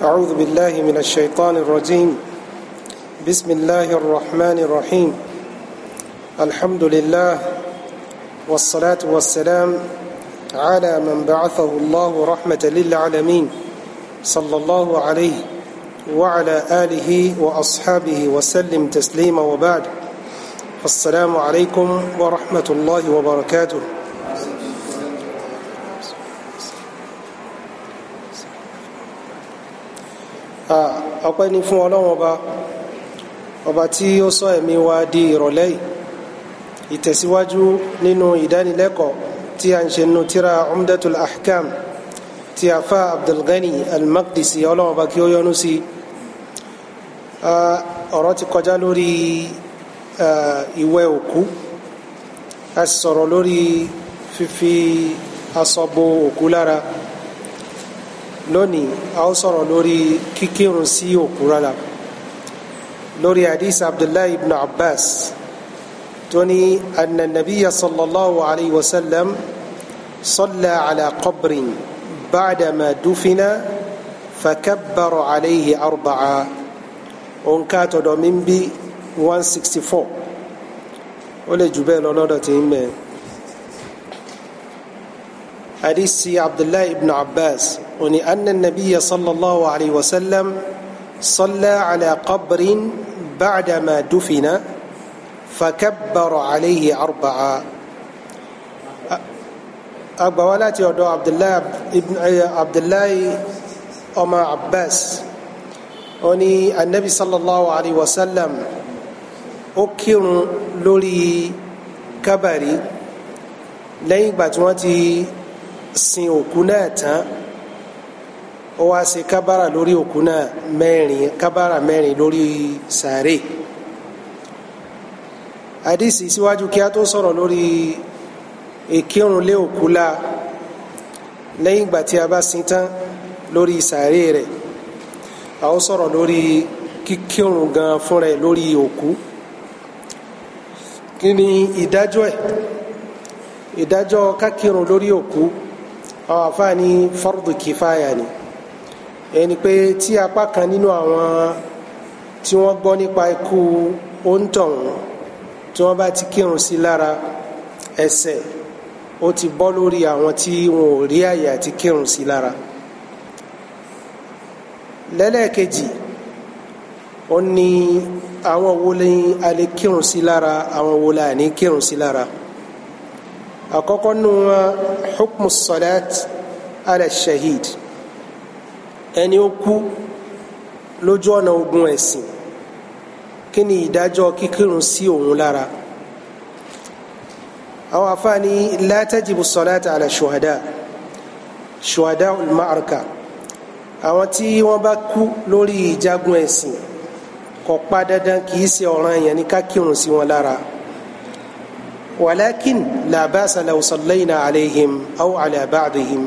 أعوذ بالله من الشيطان الرجيم بسم الله الرحمن الرحيم الحمد لله والصلاة والسلام على من بعثه الله رحمة للعالمين صلى الله عليه وعلى آله وأصحابه وسلم تسليما وبعد السلام عليكم ورحمة الله وبركاته ọpẹ́ ni fún ọlọ́run ọba ọba tí ó sọ ẹ̀mí wa di ìrọ̀lẹ́ yìí ìtẹ̀síwájú nínú ìdánilẹ́kọ̀ọ́ tí a ń ṣe nínú tíra umdatul ahkam tí afa abdulgani almaqdisi ọlọ́run ọba kí ó yọ́nú sí ọ̀rọ̀ ti kọjá lórí ìwẹ̀ òkú a sọ̀rọ̀ lórí fífi aṣọ òkú lára lónìí a ó sọ̀rọ̀ lórí kíkírun sí òkú rárá lórí hadith abdullahi ibn abbas tó ní anna nabiya sallallahu alayhi wa sallam صلى على قبر بعدما دفن فكبر عليه أربعة òǹkàtò domin bí one sixty four ó lè jù bẹ́ẹ̀ lọ lọ́dọ̀ tí ń bẹ̀ hadith abdullahi ibn abbas وني أن النبي صلى الله عليه وسلم صلى على قبر بعدما دفن فكبر عليه أربعة أبوالات يودو عبد الله ابن عبد الله أما عباس أني النبي صلى الله عليه وسلم أكير لولي كبري لين باتواتي سين òkú náà ó wá ṣe kábàrà lórí òkú náà mẹ́rin kábàrà mẹ́rin lórí sàárè àdìsí síwájú kí a tó sọ̀rọ̀ lórí ìkírun lé òkú la lẹ́yìn ìgbà tí a bá sin tán lórí sàárè rẹ̀ a ó sọ̀rọ̀ lórí kíkírun gan fúnra ẹ̀ lórí òkú kí ni ìdájọ́ ẹ̀ ìdájọ́ kákírun lórí òkú àwọn àfáà ní fardu kìfáyà ni. Idajwe, ẹni pé tí apá kan nínú àwọn tí wọ́n gbọ́ nípa ikú òǹtọ̀hún tí wọ́n bá ti kírun sí lára ẹsẹ̀ ó ti bọ́ lórí àwọn tí wọn ò rí àyè àti kírun sí lára lẹ́lẹ́kejì ó ní àwọn wo ni a lè kírun sí lára àwọn wo la ní kírun sí lára àkọ́kọ́ nu wọn hukmu salat ala shahid ẹni ó kú lójú ọ̀nà ogun ẹ̀sìn kí ni ìdájọ́ kíkírun sí òun lára àwọn afáàní la tajibu salata ala shuhada shuhada al-ma'araka àwọn tí wọ́n bá kú lórí ìjagun ẹ̀sìn kò pa dandan kì í ṣe ọ̀ràn yẹn ní ká sí wọn lára walakin la ba'sa law sallayna alayhim aw ala ba'dihim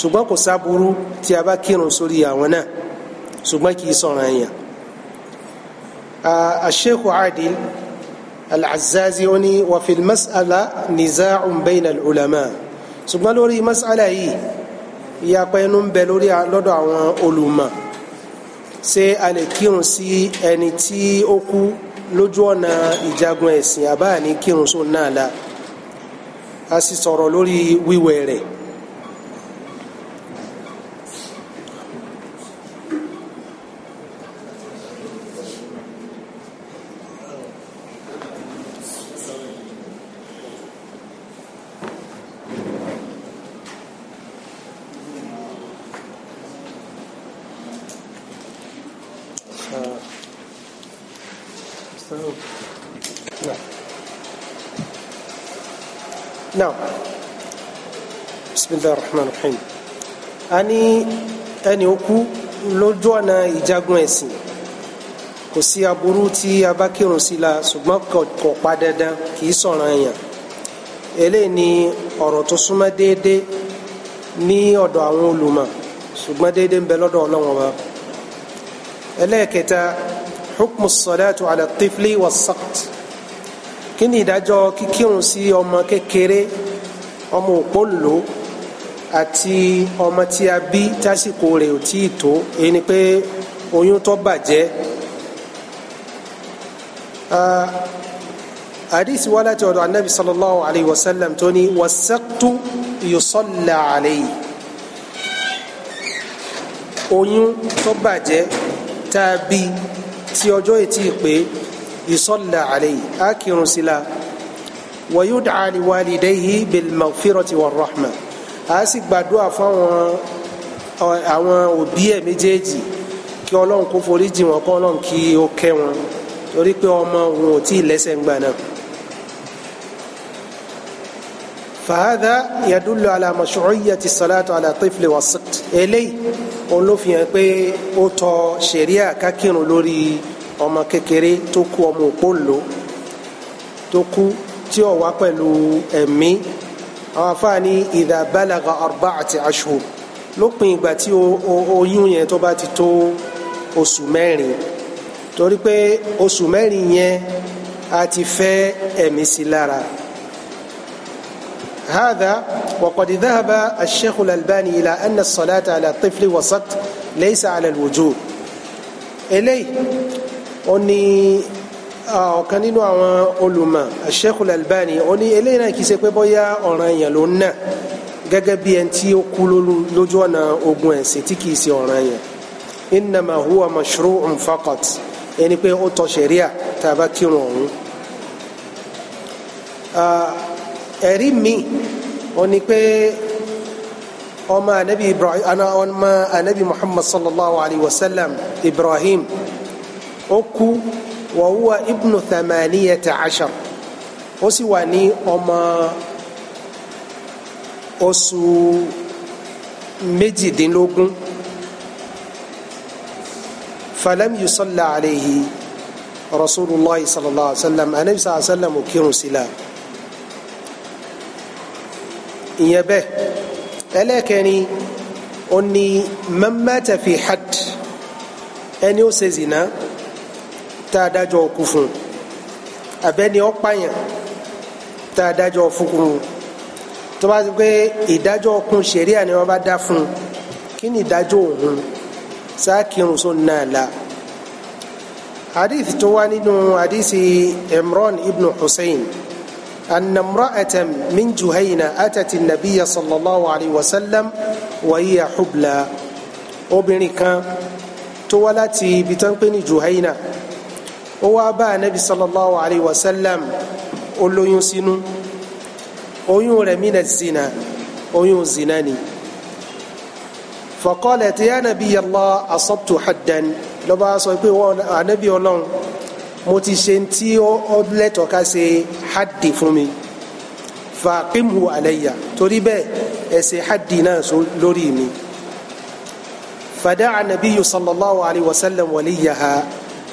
ṣùgbọ́n kò sábúrú tí a bá kírun sórí àwọn náà ṣùgbọ́n kì í sọ̀rọ̀ ẹ̀yàn. الشيخ عادل العزازي وفي المسألة نزاع بين العلماء ṣùgbọ́n lórí mas'ala yìí ìyapa ẹnu ń bẹ lórí lọ́dọ̀ àwọn olùmọ̀ ṣé a lè kírun sí ẹni tí ó kú lójú ọ̀nà ìjagun ẹ̀sìn àbáà ní kírun sóun náà la a sì sọ̀rọ̀ lórí wíwẹ̀ rẹ̀. rahman rahim a ní ẹni okú lójú ọ̀nà ìjagun ẹ̀sìn kò sí aburú tí a bá kírun sí la ṣùgbọ́n kò pa dandan kì í sọ̀ràn èèyàn ni ọ̀rọ̀ tó súnmọ́ déédéé ní ọ̀dọ̀ àwọn olùmọ̀ ṣùgbọ́n déédéé ń bẹ lọ́dọ̀ ọlọ́wọ́n wa ẹlẹ́ẹ̀kẹta hukmu ala tifli wa sakt kí ni ìdájọ́ kíkírun sí ọmọ kékeré ọmọ òpó àti ọmọ tí a bí tásìkò rẹ̀ ò tíì tó èyí ni pé oyún tó bàjẹ́ àdìsí wá láti ọ̀dọ̀ anábì sallallahu alayhi wa sallam tó ní wasaqtu yusalla alayhi oyún tó bàjẹ́ tá a bí tí ọjọ́ etí pé yusalla alayhi á kírun sí la wa yud'a liwalidayhi bil maghfirati war rahma a sì gbàdúrà fún àwọn àwọn òbí ẹ̀ méjèèjì kí ọlọ́run kó foríjì wọn kọ́ ọlọ́run kí ó kẹ́ wọn torí pé ọmọ òun ò tí ì lẹ́sẹ̀ ń gbà náà. fàhádà yàdúlò àlàmọ̀ṣọ́yà ti sọ́látọ̀ àlàtífìlẹ̀ wàsíkt eléyìí òun ló fi hàn pé ó tọ́ ṣẹ̀ríà kákírun lórí ọmọ kékeré tó kú ọmọ òpó lò tó kú tí ó wá pẹ̀lú àwọn afáàní idha balaga arba'ati ashhur lópin ìgbà tí oyún yẹn tó bá ti tó oṣù mẹ́rin torí pé oṣù mẹ́rin yẹn a ti fẹ́ ẹ̀mí sí lára. هذا وقد ذهب الشيخ الألباني إلى أن الصلاة على الطفل وسط ليس على الوجوب إليه أني Ah, ọ̀kan nínú àwọn olùmọ̀ Sheikh Al-Albani ó ní eléyìí náà kì í ṣe pé bóyá ọ̀ràn èèyàn ló ń nà gẹ́gẹ́ bí ẹni tí ó kú lójú ọ̀nà ogun ẹ̀sìn tí kì í ṣe ọ̀ràn èèyàn innama huwa mashru'un faqat ẹni pé ó tọ ṣẹ̀ríà tá a bá kírun ọ̀hún. Ah, ẹ̀rí mi ó ní pé ọmọ anabi ibrahim ọmọ anabi muhammad sallallahu alayhi wa sallam ibrahim ó kú wa huwa ibnu thamaniyata ashar ó sì wà ní ọmọ oṣù méjìdínlógún falam yusalla alayhi rasulillah sallallahu alaihi wa sallam anabi sallallahu alaihi wa sallam ò kírun sílá ìyẹn bẹ́ẹ̀ ẹlẹ́kẹ̀ẹ́ni ó ní man fi hadd ẹni ó ṣe zina tá a dájọ́ òkú fún abẹ́ni ọ̀pàyàn tá a dájọ́ òfúkun tó bá ti pé ìdájọ́ òkun ṣẹ̀ríà ni wọ́n bá dá fún kí ni ìdájọ́ òun sáàkirun só náà la hadith tó wá nínú hadith Imran ibn Hussein أن امرأة من جهينة أتت النبي صلى الله عليه وسلم وهي حبلى obìnrin kan tó wá láti ibi pé ní Juhaina ó wá bá anabi sallallahu alayhi wa sallam ó lóyún sínú oyún rẹ̀ mina zina oyún zina ni faqalat ya nabiyallah asabtu haddan ló bá sọ pé wọn anabi Ọlọ́run mo ti ṣe tí ó lẹ́tọ̀ọ́ ká ṣe haddi fún mi fàákìmù àlẹyà torí bẹ́ẹ̀ ẹ ṣe haddi náà lórí mi fàdá ànàbíyù sallallahu alayhi wa sallam wàlíyàha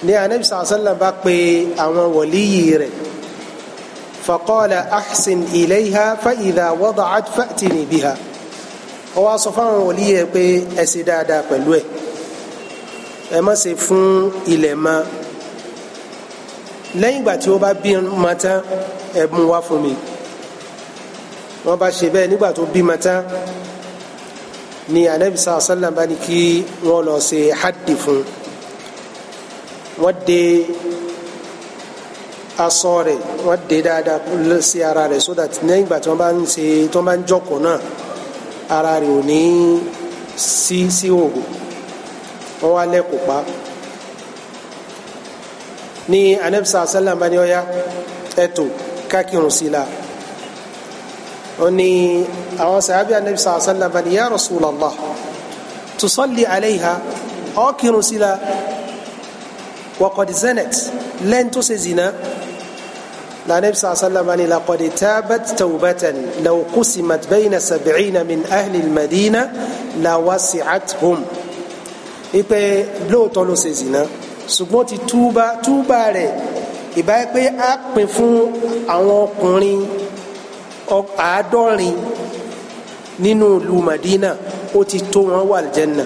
ní anabi sàlẹ̀ bá pe àwọn wòlíyì rẹ̀ faqala ahsin ilayha fa idha wada'at fa'tini biha ó wá sọ fáwọn wòlíyì rẹ̀ pé ẹ dáadáa pẹ̀lú ẹ̀ ẹ má ṣe fún ilẹ̀ mọ́ lẹ́yìn ìgbà tí ó bá bí ma tán ẹ mú wá fún mi wọ́n bá ṣe bẹ́ẹ̀ nígbà tó bí ma tán ni anabi sàlẹ̀ bá ní kí wọ́n lọ ṣe haddi fún un wọ́n de aṣọ rẹ̀ wọ́n de dáadáa sí ara rẹ̀ so that lẹ́yìn ìgbà tí wọ́n bá ń ṣe tí wọ́n bá ń jókòó náà ara rẹ̀ ò ní sí sí òògùn wọ́n wá lẹ́kọ̀ọ́ pa ní anabisa asalam bá ní ọ̀ya ẹ̀tọ́ kákìrún sí la ó ní àwọn sàábì anabisa asalam bá ní ya Rasulallah tusalli alayha ọ̀kìrún sí la. وقد زنت لن تسزنا لا نبي صلى الله عليه وسلم يعني لقد تابت توبة لو قسمت بين سبعين من أهل المدينة لوسعتهم ipe lóòótọ́ ló ṣe zina ṣùgbọ́n ti túbà túbà rẹ̀ ìbá pé a pín fún àwọn ọkùnrin àádọ́rin nínú ìlú Madina ó ti tó wọn wà Aljanna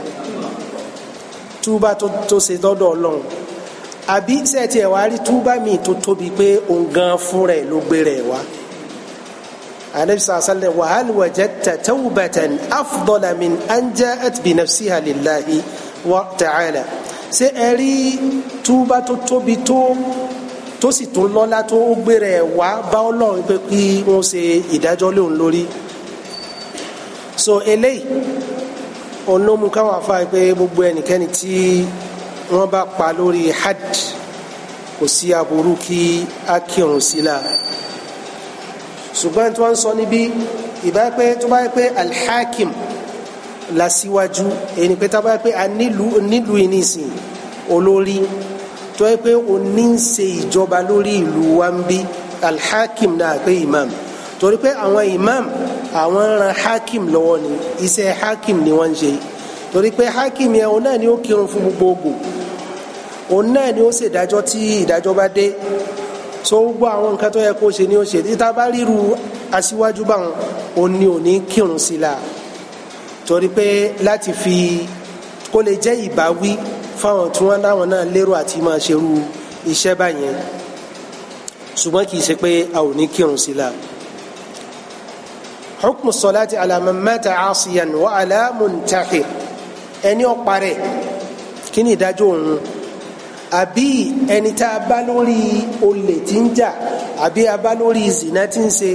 túbà tó ṣe dọ́dọ̀ Ọlọ́run àbí sẹ́ẹ̀tì ẹ̀ wá rí túbà míì tó tóbi pé òun gan fún rẹ̀ ló gbé rẹ̀ wá anabi sallallahu alayhi wa sallam wa hal wajadta tawbatan afdala min an ja'at bi nafsiha lillahi wa ta'ala ṣé ẹ rí túbà tó tóbi tó tó sì tún lọ́lá tó ó gbé rẹ̀ wá bá ọlọ́run pé kí wọ́n ṣe ìdájọ́ lóun lórí so eléyìí òun mú káwọn afáà pé gbogbo ẹnikẹ́ni tí wọ́n bá pa lórí hajj kò sí aburú kí a kírun sí la ṣùgbọ́n tí wọ́n ń sọ níbí ìbá pé tó bá pé alhakim la síwájú èyí pé tá bá pé a nílùú ìnísìn olórí tó yẹ pé o ní ń ṣe ìjọba lórí ìlú wa ń bí alhakim náà pé imam torí pé àwọn imam àwọn ran hakim lọ́wọ́ ni iṣẹ́ hakim ni wọ́n ń ṣe yìí torí pé hakim yẹn òun náà ni ó kírun fún gbogbogbò òun náà ni ó ṣèdájọ́ tí ìdájọ́ bá dé so gbogbo àwọn nǹkan tó yẹ kó ṣe ni ó ṣe títa bá ríru aṣíwájú báwọn òun ni òun ní kírun sí la torí pé láti fi kó lè jẹ́ ìbáwí fáwọn tí wọ́n láwọn náà lérò àti máa ṣerú iṣẹ́ báyẹn ṣùgbọ́n kì í ṣe pé a ò ní kírun sí la. حكم الصلاة على من مات عاصيا وعلى منتحر ẹni ọ̀pá rẹ̀ kí ni ìdájọ́ òun àbí ẹni tá a bá lórí olè tí ń jà àbí a bá lórí zina tí ń ṣe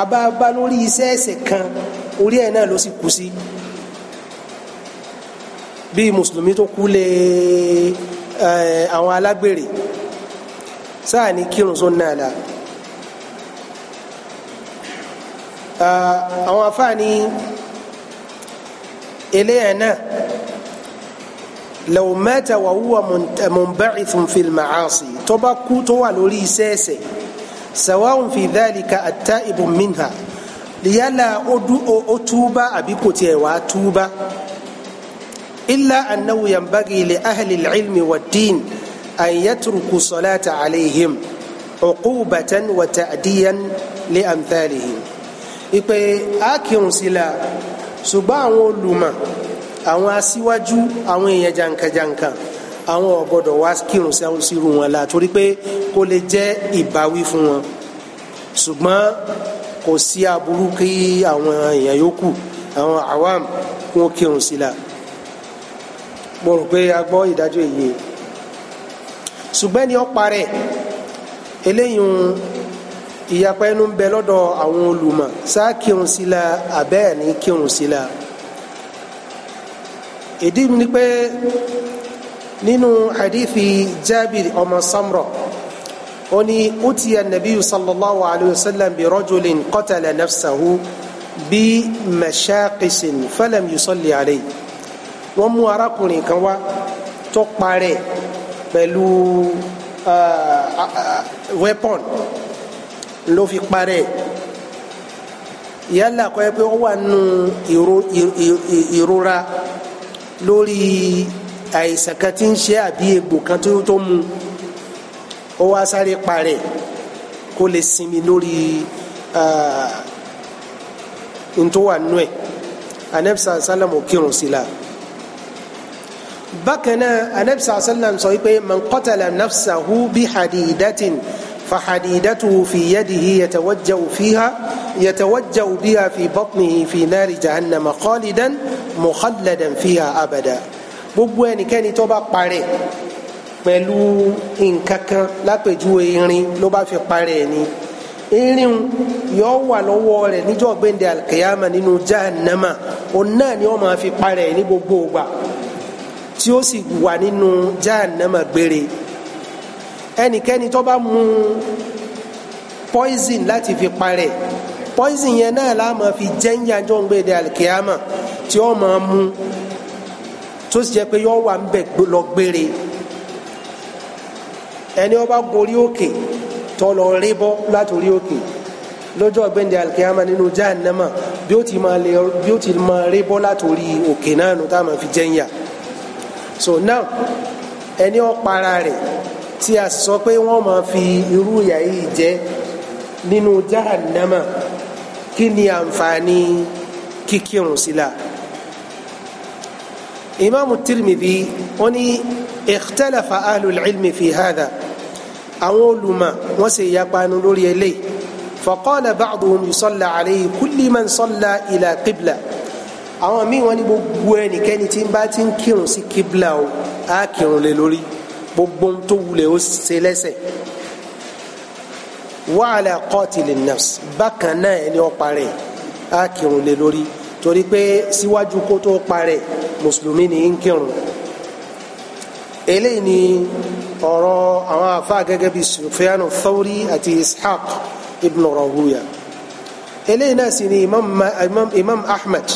a bá a bá lórí iṣẹ́ ẹ̀ṣẹ̀ kan orí ẹ̀ náà ló sì kú sí bí mùsùlùmí tó kú lé àwọn alágbèrè sáà ní kírun sóun náà la àwọn afáàní eléyàn náà law mata wa huwa munba'ithun fil ma'asi tó bá kú tó wà lórí iṣẹ́ ẹ̀ṣẹ̀ sawa'un fi dhalika at-ta'ibu minha yálà ó túbá àbí kò tiẹ̀ wá túbá illa annahu yanbaghi li ahli al-ilmi wad-din an yatruku salata alayhim uqubatan wa ta'diyan li amthalihim ìpè ákìrùn sí ṣùgbọ́n àwọn olùmọ̀ àwọn aṣíwájú àwọn èèyàn jàǹkàjàǹkà àwọn ò gbọ́dọ̀ wá kírun sírun wọn la torí pé kó lè jẹ́ ìbáwí fún wọn ṣùgbọ́n kò sí aburú kí àwọn èèyàn yòókù àwọn awam wọn kírun sí la mo rò pé a gbọ́ ìdájọ́ èyí ṣùgbọ́n ni ó parẹ́ eléyìí ìyapa ẹnu ń bẹ lọ́dọ̀ àwọn olùmọ̀ sáà kírun sí la àbẹ́ẹ̀ ní kírun sí la ìdí ni pé nínú hadithi Jabir ọmọ Samra ó ní utiya nabiyu sallallahu alayhi wa sallam bi rajulin qatala nafsahu bi mashaqisin falam yusalli alayhi wọ́n mú arákùnrin kan wá tó parẹ́ pẹ̀lú weapon ló fi parẹ́ yálà kọ́ ẹ pé ó wà nù ìrora lórí àìsàn kan tí ń ṣe àbí egbò kan tó tó mu ó wá sáré parẹ́ kó lè sinmi lórí ntòwà nù ẹ̀ anabisa salam ò kírun sí la bákan náà anabisa salam sọ wípé man qatala nafsahu bí hadidatin فحديدته في يده يتوجأ فيها يتوجأ بها في بطنه في نار جهنم خالدا mukhalladan fiha abada gbogbo ẹnikẹ́ni tó bá parẹ́ pẹ̀lú nǹkankan lápèjúwe irin ló bá fi parẹ́ ni irin yóò wà lọ́wọ́ rẹ̀ níjọ́ gbẹ̀ndẹ̀ alkiyama nínú jahannama òun náà ni wọ́n máa fi parẹ́ ní gbogbo ìgbà tí ó sì wà nínú jahannama gbére ẹnikẹ́ni tó bá mu poison láti fi parẹ́ poison yẹn náà la máa fi jẹ́ńjàjọ́ ń gbé de alikiyama tí ó máa mú tó sì jẹ́ pé yọ wà ń bẹ̀ lọ gbére ẹni ó bá gorí òkè tó lọ rí bọ́ látòrí òkè lọ́jọ́ ọ̀gbẹ́ndẹ̀ alikiyama nínú jahannama bí ó ti máa lè bí ó ti máa rí bọ́ látòrí òkè náà nù tá a máa fi jẹ́ńyà so now ẹni ó para rẹ̀ tí a sọ pé wọ́n máa fi irú ìyà yìí jẹ nínú jahannama. No kí ni àǹfààní kíkírun sílá imaamu tirmidhi wọ́n ní ikhtalafa ahlul ilmi fi hadha àwọn olùmọ̀ wọ́n sì yapanu lórí eléyìí faqala ba'duhum yusalla alayhi kulli man salla ila qibla àwọn míì wọ́n ní gbogbo ẹnikẹ́ni tí ń bá ti ń kírun sí qibla o á kírun lé lórí gbogbo tó wulẹ̀ ó ṣe lẹ́sẹ̀ wàhálà kọ́tìlì nafs bákan náà ẹni ó parẹ́ á kírun lé lórí torí pé síwájú kó tó parẹ́ mùsùlùmí ni ń kírun eléyìí ni ọ̀rọ̀ àwọn afa gẹ́gẹ́ bíi sufiyanu thawri àti ishaq ibn rahuya eléyìí náà sì ni imam, imam, imam ahmed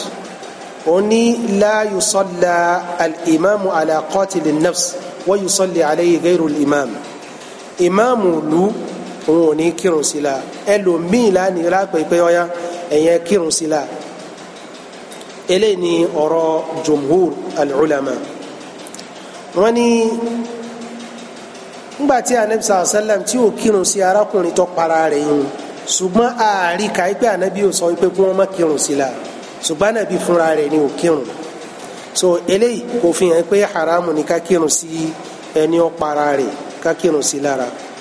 oni la yusalla al'imamu ala qatil nafs wa yusalli alayhi gairu al'imam imamu lu òun ò ní kírun sí la ẹlòmíì lánìí lápẹ́ pé ọ̀yá ẹ̀yẹn kírun sí la eléyìí ni ọ̀rọ̀ jumhur al-ulama wọ́n ní ngba tí anabi sàlá sàlám tí ó kírun sí arákùnrin tó para rẹ̀ yìí ṣùgbọ́n ààrí kàí pé anabi ò sọ pé kí wọ́n má kírun la ṣùgbọ́n anabi fúnra rẹ̀ ni ò kírun so eléyìí kò fi hàn pé haramu ni ká kírun sí ẹni ó para rẹ̀ ká kírun sí lára. La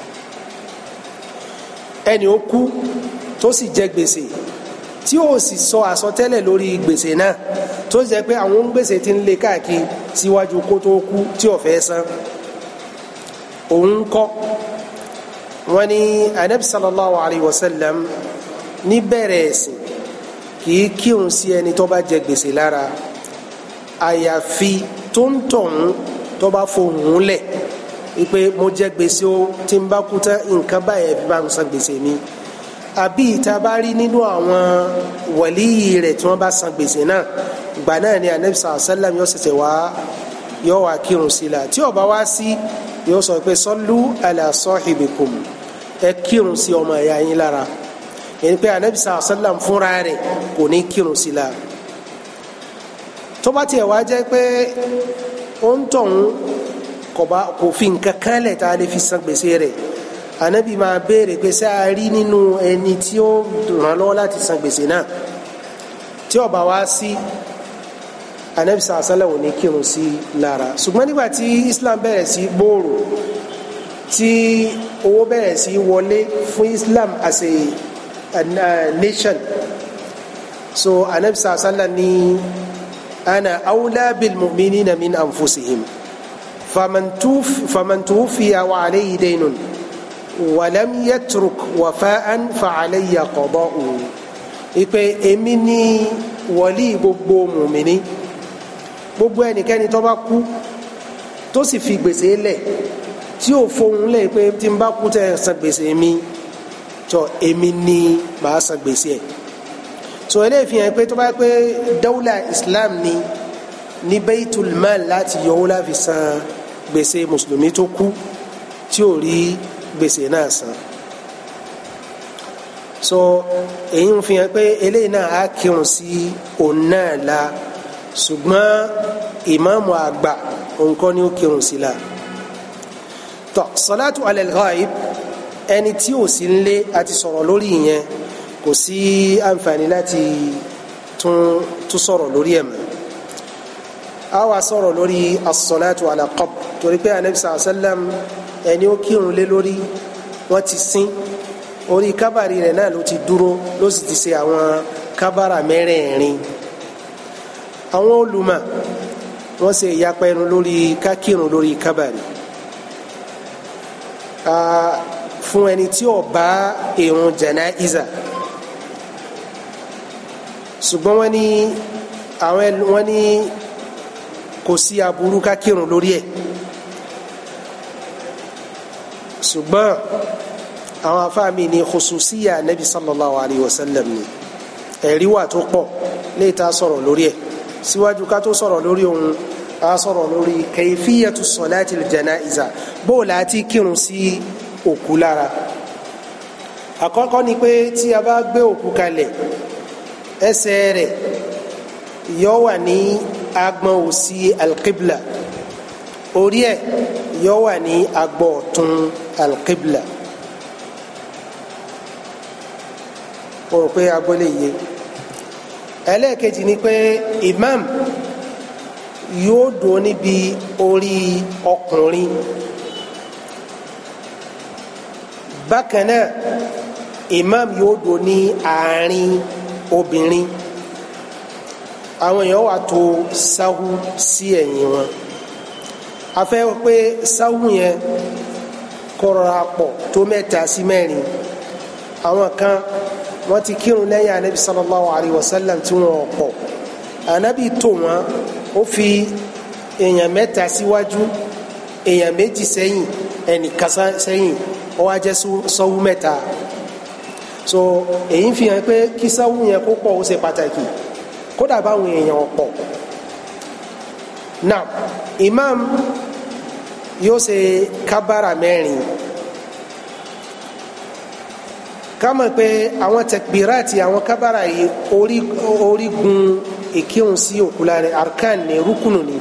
ẹni ó kú tó sì jẹ gbèsè tí ó sì sọ àsọtẹ́lẹ̀ lórí gbèsè náà tó sì jẹ pé àwọn gbèsè ti ń le káàkiri síwájú kó tó kú tí ò fẹ́ san òun kọ́ wọ́n ní anabi sallallahu alayhi wa sallam ní bẹ̀rẹ̀ ẹ̀sìn kì í kírun sí ẹni tó bá jẹ gbèsè lára àyàfi tó ń tọ̀hún tó bá fohùn lẹ̀ wípé mo jẹ gbèsè o tí n bá kú tán nǹkan báyẹn fi bá ń san gbèsè mi àbí ìta bá rí nínú àwọn wàlíyì rẹ̀ tí wọ́n bá san gbèsè náà gbà náà ni anabi sàlám yóò ṣẹ̀ṣẹ̀ wá yóò wá kírun sí la tí ó bá wá sí yóò sọ pé sọlú àlà sahibikum ẹ kírun sí ọmọ ẹ̀yà yín lára yẹn pé anabi sàlám fúnra rẹ̀ kò ní kírun sí la tó bá tiẹ̀ wá jẹ́ pé ó ń tọ̀hún kò fi nǹkan kan lẹ̀ tá a lè fi san gbèsè rẹ̀ anabi máa béèrè pé ṣé a rí nínú ẹni tí ó ràn lọ́wọ́ láti san gbèsè náà tí ó bá wá sí anabi sàásálà ò ní kírun sí lára ṣùgbọ́n nígbà tí islam bẹ̀rẹ̀ sí gbòòrò tí owó bẹ̀rẹ̀ sí wọlé fún islam as a, a, a nation so anabi sàásálà ní ana awla bil mu'minina min anfusihim. فمن توفي وعليه دين ولم يترك وفاء فعلي قضاء ìpè èmi ni wọlí gbogbo mùmíní gbogbo ẹnikẹ́ni tó bá kú tó sì fi gbèsè lẹ̀ tí ò fohùn lẹ̀ pé tí n bá kú tẹ̀ san gbèsè mi tó èmi ni màá san gbèsè ẹ̀ tó eléyìí fi hàn pé tó bá pé dawla Islam ni ní baitul mal láti yọ ọ́ san gbèsè mùsùlùmí tó kú tí ò rí gbèsè náà san so èyí ń fi hàn pé eléyìí náà á kírun sí òun náà la ṣùgbọ́n ìmáàmù àgbà òun kọ́ ni ó kírun sí la tọ salatu alal ghaib ẹni tí ò sí nlé àti sọ̀rọ̀ lórí ìyẹn kò sí àǹfààní láti tún sọ̀rọ̀ lórí ẹ̀ mọ́ a wá sọ̀rọ̀ lórí asọ̀láàtù alaqab torí pé anabi sàlám ẹni ó kírun lé lórí wọ́n ti sin orí kábàárì rẹ̀ náà ló ti dúró ló sì ti ṣe àwọn kábàárà mẹ́rẹ̀ẹ̀rin àwọn olùmọ̀ wọ́n ṣe ìyapa ẹnu lórí kákírun lórí kábàárì fún ẹni tí ó bá ìrun jẹnáìzà ṣùgbọ́n wọ́n ní àwọn wọ́n ní kò sí aburú ká kírun lórí ẹ̀ ṣùgbọ́n àwọn afáàmì ni khususiya nabi sallallahu alayhi wa sallam ni ẹ̀rí wà tó pọ̀ léèta sọ̀rọ̀ lórí ẹ̀ síwájú ká tó sọ̀rọ̀ lórí ohun a sọ̀rọ̀ lórí kayfiyatu salati al-janaiza bó láti kírun sí òkú lára àkọ́kọ́ ni pé tí a bá gbé òkú kalẹ̀ ẹsẹ̀ rẹ̀ yóò wà ní agbọ̀n òsì alqibla orí ẹ̀ yọ wà ní agbọ̀n ọ̀tún alqibla o rò pé agbọ́lé yé ẹlẹ́ẹ̀kejì ni pé imam yóò dúró níbi orí ọkùnrin bákan náà imam yóò dúró ní àárín obìnrin àwọn èèyàn wà tó sáwú sí ẹ̀yìn wọn a fẹ́ pé sáwú yẹn kọrọra pọ̀ tó mẹ́ta sí mẹ́rin àwọn kan wọ́n ti kírun lẹ́yìn anabi sallallahu alayhi wa sallam tí wọ́n pọ̀ anabi tó wọn ó fi èèyàn mẹ́ta síwájú èèyàn méjì sẹ́yìn ẹnìkan sẹ́yìn ó wá jẹ́ sáwú mẹ́ta so èyí fi hàn pé kí sáwú yẹn kó pọ̀ ó ṣe pàtàkì kódà báwọn èèyàn ọ̀pọ̀ Na imam yóò ṣe kábàrà mẹ́rin kámọ̀ pé àwọn tẹkbìrà àti àwọn kábàrà yìí orígun ìkírun sí òkú lára arkan ní rúkùnù ni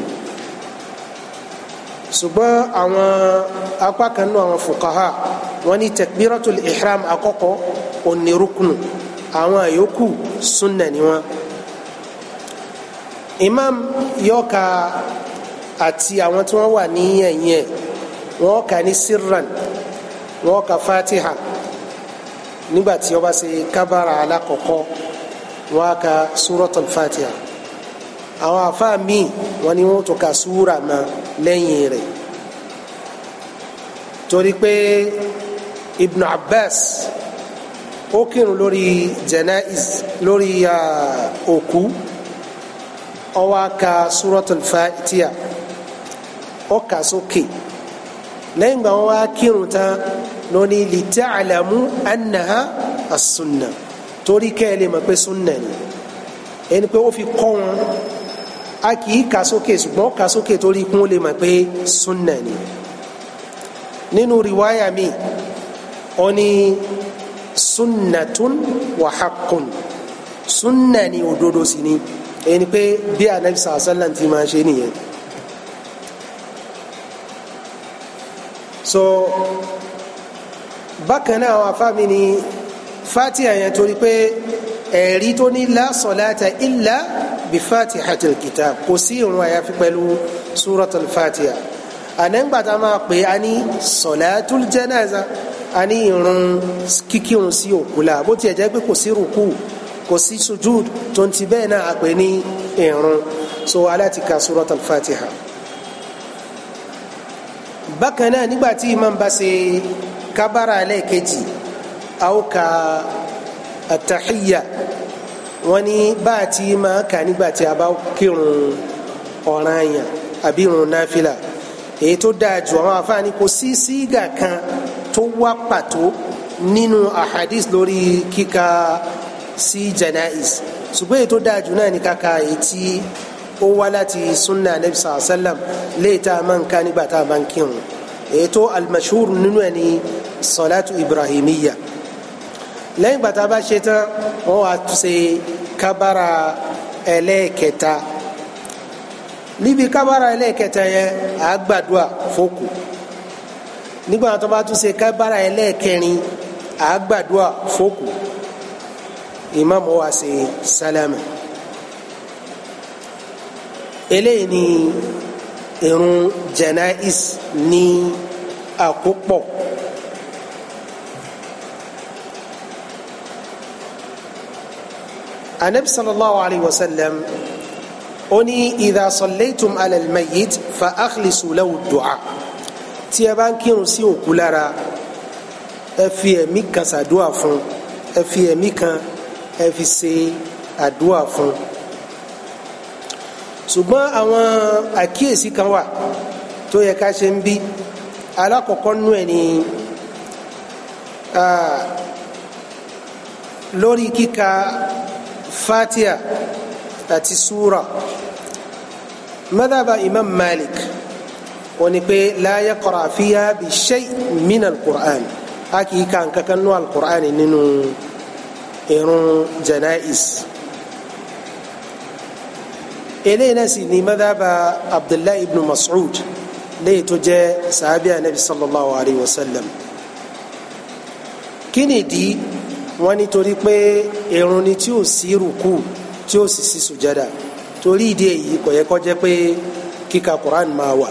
ṣùgbọ́n àwọn apá kan náà àwọn fuqaha wọ́n ní tẹkbìrọ̀tul ihram àkọ́kọ́ òní rúkùnù àwọn àyókù sunna ni wọ́n imam yóò ka àti àwọn tí wọ́n wà ní ẹ̀yìn ẹ̀ wọ́n kà ní sirran wọ́n kà fatiha nígbà tí ó bá ṣe kábàrà alákọ̀ọ́kọ́ wọ́n kà suratul fatiha àwọn àfáà míì wọ́n ní wọ́n tún ka súra ma lẹ́yìn rẹ̀ torí pé ibn abbas ó kírun lórí janaiz lórí uh, òkú ó wá ka suratul Fatiha ó kà sókè lẹ́yìn ìgbà wọn wá kírun tán lóní li ta'lamu annaha as-sunna torí kẹ́ ẹ lè mọ̀ pé sunna ni ẹni pé ó fi kọ́ wọn a kì í kà sókè ṣùgbọ́n ó kà sókè torí kún lè mọ̀ pé sunna ni nínú riwaya mi ó ní sunnatun wa haqqun ni òdodo sì ni ẹni pé bí anabi sàásánlá ti máa ṣe nìyẹn. so bákan náà àwọn afáàmì ni fatiha yẹn torí pé ẹ̀rí tó ní la salata illa bí fatihatil kitab kò sí ìrun àyàfi pẹ̀lú suratul fatiha ànẹ́ngbàtà máa pè á ní sọ̀lẹ́tul jẹ́nàza a ní ìrun kíkírun sí òkú bó tiẹ̀ jẹ́ pé kò sí rùkú kò sí sujud tó ń ti bẹ́ẹ̀ náà àpè ní ìrun so aláti ka surat al-fatiha bákan náà nígbà tí imam bá ṣe kábàrà lẹ́ẹ̀kejì àwọn ka àtàhíyà wọn ní bá a ti máa kà nígbà tí a bá kírun ọ̀ranyàn àbí irun náfìlà èyí tó dáa jù àwọn afáàní kò sí sígà kan tó wá pàtó nínú ahadith lórí kíka sí janais ṣùgbọ́n ètò dájú náà ní kàkà ètí ó wá láti sunna nabi sallallahu alayhi wa sallam léètà máa ń ká nígbà tá a máa ń kírun ètò almashhur nínú ẹ̀ ní salatu ibrahimiyya lẹ́yìn ìgbà tá a bá ṣe tán wọ́n wá ṣe kábàrà ẹlẹ́ẹ̀kẹta níbi kábàrà ẹlẹ́ẹ̀kẹta yẹn a gbàdúrà fókù nígbà tó bá tún ṣe kábàrà ẹlẹ́ẹ̀kẹrin a gbàdúrà fókù imam wa ṣe sálámà eléyìí ni irun janais ní àkópọ̀ anabi sallallahu alayhi wa sallam ó ní idha sallaytum ala al-mayyit fa akhlisu lahu du'a tí ẹ bá ń kírun sí òkú lára ẹ fi ẹ̀mí kan ṣàdúà fún ẹ fi ẹ̀mí kan ẹ fi ṣe àdúrà fún ṣùgbọ́n àwọn àkíyèsí kan wà tó yẹ ká ṣe ń bí alákọ̀ọ́kọ́ nú ẹ̀ ni lórí kíka fatiha àti súra madhaba imam malik wọ́n ní pé la yaqra fiha bi shay' min al-Qur'an a kì í ka nǹkan kan nú al nínú. No irun janais eléyìí náà sì ni madhaba abdullahi ibn mas'ud léyìí tó jẹ́ sàábì anabi sallallahu alayhi wa sallam kí ni ìdí wọn nítorí pé irun ni tí ò sí rùkú tí ò sì sí sùjádà torí ìdí èyí kò yẹ kó jẹ́ pé kíka quran máa wà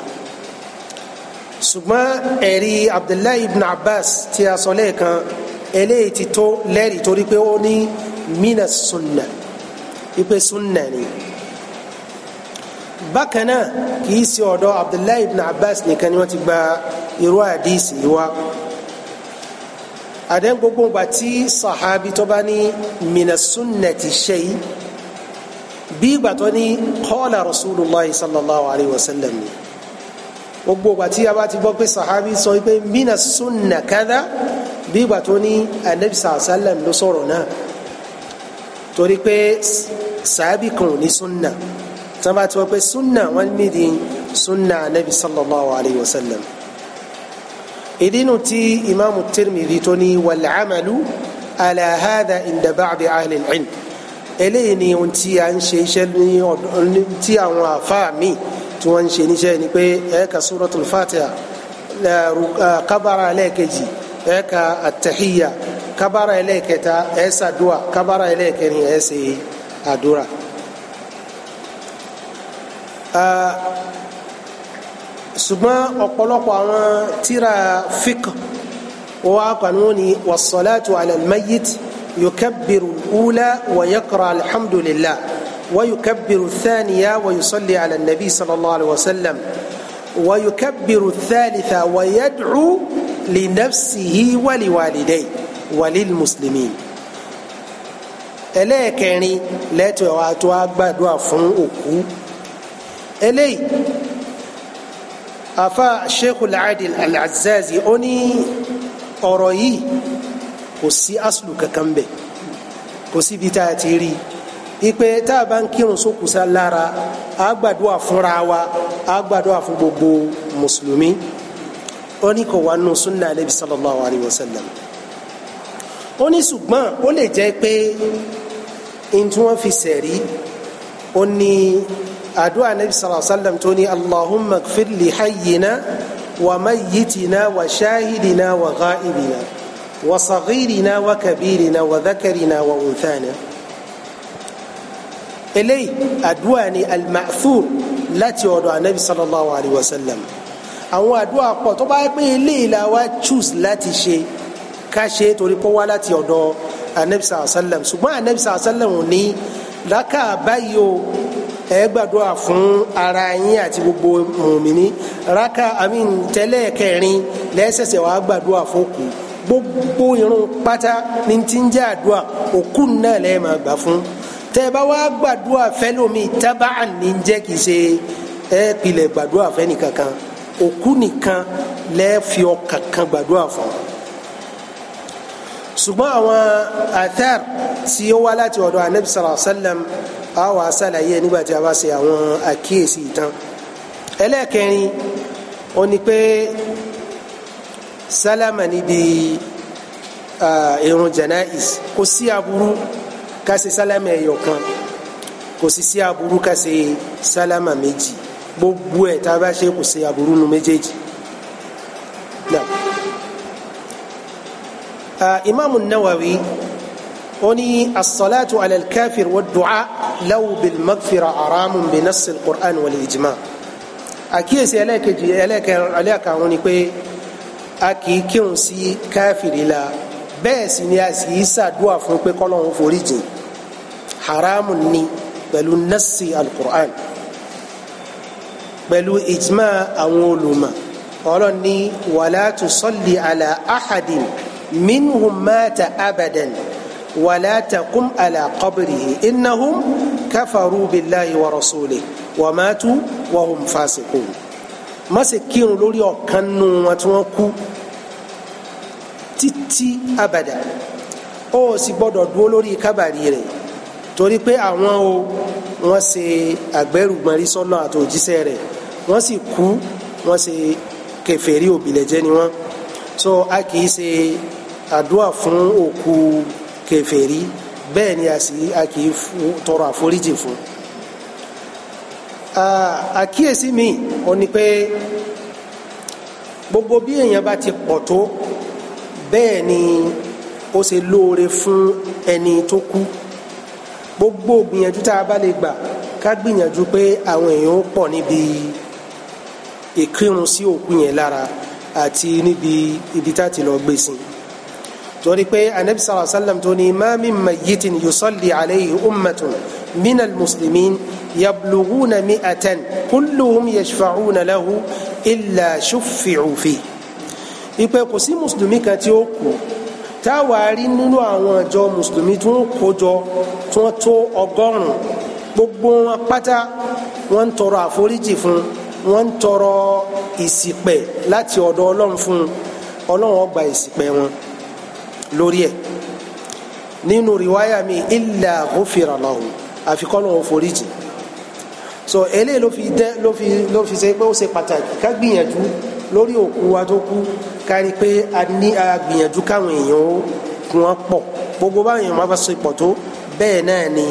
ṣùgbọ́n ẹ̀rí abdullahi ibn abbas tí a sọ lẹ́ẹ̀kan eléyìí ti tó lẹ́rìí torí pé ó ní mina sunna ipe sunna ni bákan náà kìí ṣe ọ̀dọ̀ abdullahi ibn abbas nìkan ni wọ́n ti gba irú àdìsí wa àdéhùn gbogbo ìgbà tí sàhábì tó bá ní mina sunna ti ṣe yìí bí ìgbà tó ní kọ́ọ̀lá rasulullahi sallallahu alayhi wa sallam ni gbogbo ìgbà tí a bá ti gbọ́ pé sàhábì sọ pé mina sunna kada bí ìgbà tó ní anabi sàlẹm ló sọ̀rọ̀ náà torí pé sàábì kan ò ní sunna tí wọn bá ti wọ pé sunna wọn ní di sunna anabi sallallahu alayhi wa sallam ìdínú tí imaamu tirmidhi tó ní wal amalu ala hadha inda ba'di ahli al eléyìí ni ohun tí a ń ṣe iṣẹ́ ní ọdún àwọn àfáà tí wọ́n ń ṣe níṣẹ́ ni pé ẹ̀ka suratul fatiha kábàárà lẹ́ẹ̀kejì ẹ ka atahiya kabara ẹlẹ́ẹ̀kẹta ẹ ṣàdúà kabara ẹlẹ́ẹ̀kẹrin ẹ ṣe àdúrà. ṣùgbọ́n ọ̀pọ̀lọpọ̀ àwọn tíra fiqh wọ́n á kàn wọ́n ní wassalatu ala almayyit yukabbiru al-ula wa yaqra alhamdulillah wa yukabbiru ath-thaniya wa yusalli ala an-nabi sallallahu alayhi لنفسه ولوالديه wàlíl mùsùlùmí ẹlẹ́ẹ̀kẹrin lẹ́tọ̀ ẹ̀wà tó a gbàdúrà fún òkú eléyìí afa sheikh al-adil al-azazi ó ní ọ̀rọ̀ yìí kò sí aslu kankan bẹ̀ kò síbi tá a ti rí i ipe tá a bá ń kírun sókùsá lára a gbàdúrà fúnra wa a gbàdúrà fún gbogbo mùsùlùmí wọ́n ní kò wá nù sunna anabi sallallahu alayhi wa sallam ó ní ṣùgbọ́n ó lè jẹ́ pé n tí wọ́n fi sẹ̀rí ó ní àdúrà anabi sallallahu alayhi wa sallam tó ní allahumma gfir li hayyina wa mayyitina wa shahidina wa ghaibina wa saghirina wa kabirina wa dhakarina wa unthana eléyìí àdúrà ni al-ma'thur láti ọ̀dọ̀ sallallahu alayhi wa sallam àwọn àdúrà pọ̀ tó bá yẹ pé ilé ìlà wa choose láti ṣe ká ṣe torí kó wá láti ọ̀dọ̀ anabisa asalam ṣùgbọ́n anabisa asalam ò ní lákà báyìí o ẹ gbàdúrà fún ara yín àti gbogbo mùmíní rákà àmín tẹ́lẹ̀ kẹrin lẹ́sẹ̀sẹ̀ wàá gbàdúrà fókù gbogbo irun pátá ní ti ń jẹ́ àdúrà òkú náà lẹ́ẹ̀ máa gbà fún tẹ́ bá wá gbàdúrà fẹ́lómi tábà ní jẹ́ kìí ṣe ẹ pilẹ̀ gbàdúrà fẹ́nìkankan òkú nìkan lẹ́ẹ̀fi ọkàn kan gbàdúrà fún ṣùgbọ́n àwọn athar tí ó wá láti ọ̀dọ̀ anabi sallallahu alayhi wa sallam a wà á ṣàlàyé nígbà tí a bá ṣe àwọn àkíyèsí ìtàn ẹlẹ́ẹ̀kẹrin ó ní pé sálámà níbi irun janais kò sí aburú ká ṣe sálámà ẹ̀yọ̀ kò sì sí aburú ká ṣe sálámà méjì gbogbo ẹ̀ tá a bá ṣe kò sí aburú nu méjèèjì náà imaamu nawawi ó ní asalaatu alal kafir wa duca law bil magfira aramun bi nasi qur'an wal ijma àkíyèsí ẹlẹ́ẹ̀kejì ẹlẹ́ẹ̀kan àwọn ni pé a kì í kírun sí káfìrí la bẹ́ẹ̀ sì ni a sì í ṣàdúà fún pé kọ́lọ́hún forí jìn haramun ni pẹ̀lú nasi alukur'an. Al pẹ̀lú ìtìmá àwọn olùmọ̀ ọlọ́run ní wàlá tusalli àlà ahadin minhum mata abadan wàlá taqum àlà qabrihi innahum kafaru billahi wa rasulihi wa matu wa hum fasiqun má ṣe kírun lórí ọ̀kan nù wọn tí wọ́n kú títí abada ó sì gbọ́dọ̀ dúró lórí kábàrí rẹ̀ torí pé àwọn o wọ́n ṣe àgbẹ́rùgbọ́n rí sọ́nà àti òjíṣẹ́ rẹ̀ wọ́n sì kú wọ́n ṣe kèfèrí òbílẹ̀jẹ́ ni wọ́n so a kì í ṣe àdúrà fún òkú kèfèrí bẹ́ẹ̀ ni a kì í tọrọ àforíjì fún àkíyèsí mi ò ní pé gbogbo bí èèyàn bá ti pọ̀ tó bẹ́ẹ̀ ni ó ṣe lóore fún ẹni tó kú gbogbo gbìyànjú tá a bá lè gbà ká gbìyànjú pé àwọn èèyàn pọ̀ níbi ìkírun sí òkú yẹn lára àti níbi ibi tá ti lọ gbé sí torí pé anabi sallallahu alayhi wa sallam tó ní ma min mayyitin yusalli alayhi ummatun min almuslimin yablughuna mi'atan kulluhum yashfa'una lahu illa shuffi'u fi ìpè kò sí mùsùlùmí kan tí ó kú táwàárí nínú àwọn ìjọ mùsùlùmí tó ń kójọ tó tó ọgọ́rùn-ún gbogbo wọn pátá wọn ń tọrọ àforíjì fún un wọ́n ń tọrọ ìṣìpẹ̀ láti ọ̀dọ̀ ọlọ́run fún ọlọ́run ó gba ìṣìpẹ̀ wọn lórí ẹ̀ nínú riwaya mi illa ghufira lahu àfikọ́ lọ́wọ́ so eléyìí ló fi dẹ́ ló fi ló fi ṣe pé ó ṣe pàtàkì ká gbìyànjú lórí òkú wa tó kú ká rí pé a ní a gbìyànjú káwọn èèyàn ó kún wọn pọ̀ gbogbo báwọn èèyàn bá ṣe pọ̀ tó bẹ́ẹ̀ náà ni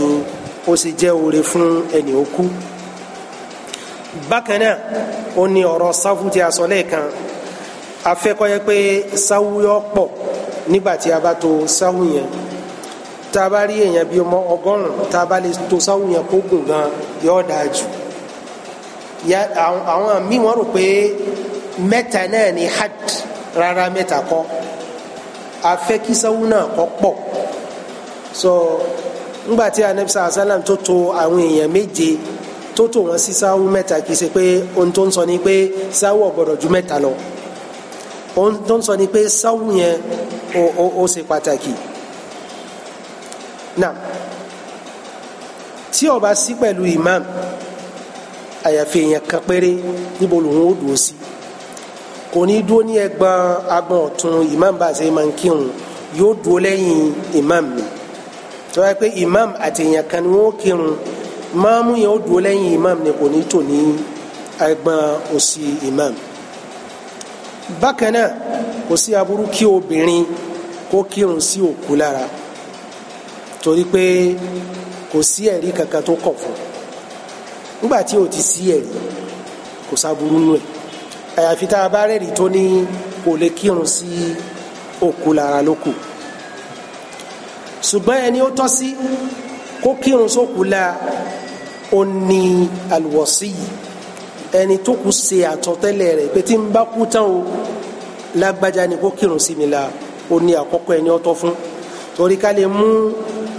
ó ṣe jẹ́ oore fún ẹni ó kú bákan náà ó ní ọ̀rọ̀ sáfù tí a sọ lẹ́ẹ̀kan afẹ́kọ́yẹ pé sáwù yọ pọ̀ nígbà tí a bá to sáwù yẹn tá a bá rí èèyàn bíi ọmọ ọgọ́rùn-ún tá a bá lè to sáwù yẹn kó gùn gan yọ dáa jù àwọn míì wọ́n rò pé mẹ́ta náà ni had rárá mẹ́ta kọ́ afẹ́ kí sáwù náà kọ́ pọ̀ so ńgbà tí anabi sàlám tó to àwọn èèyàn méje tó tò wọ́n sí sáwù mẹ́ta kì í ṣe pé ohun tó ń sọ ni pé sáwù ọ̀gbọ́dọ̀ ju mẹ́ta lọ ohun tó ń sọ ni pé sáwù yẹn ó ṣe pàtàkì náà tí ó sí pẹ̀lú imam àyàfi èèyàn kan péré níbo lòun ó dúró sí kò ní dúró ní ẹ̀gbọ́n agbọ̀n ọ̀tún imam bá ṣe máa ń kírun yóò dúró lẹ́yìn imam mi tó pé imam àti èèyàn kan ni wọ́n ó kírun máàmù yẹn ó dúró lẹ́yìn imam ni kò ní tò ní ẹ̀gbọ́n òsì imam bákan náà kò sí aburú kí obìnrin kó kírun sí òkú lára torí pé kò sí ẹ̀rí kankan tó kọ̀ fún nígbà tí ò ti sí ẹ̀rí kò sáburú nù ẹ̀ àyàfi tá a bá rẹ́rìí tó ní kò lè kírun sí òkú lára lókù ṣùgbọ́n ẹni ó tọ́ sí kó kírun sókú la ó ní alwasi ẹni tó kù ṣe àtọ̀tẹ́lẹ̀ rẹ̀ pé tí n bá kú tán o lágbájá ni kó kírun sí mi la ó ní àkọ́kọ́ ẹni ọ̀tọ̀ fún torí ká lè mú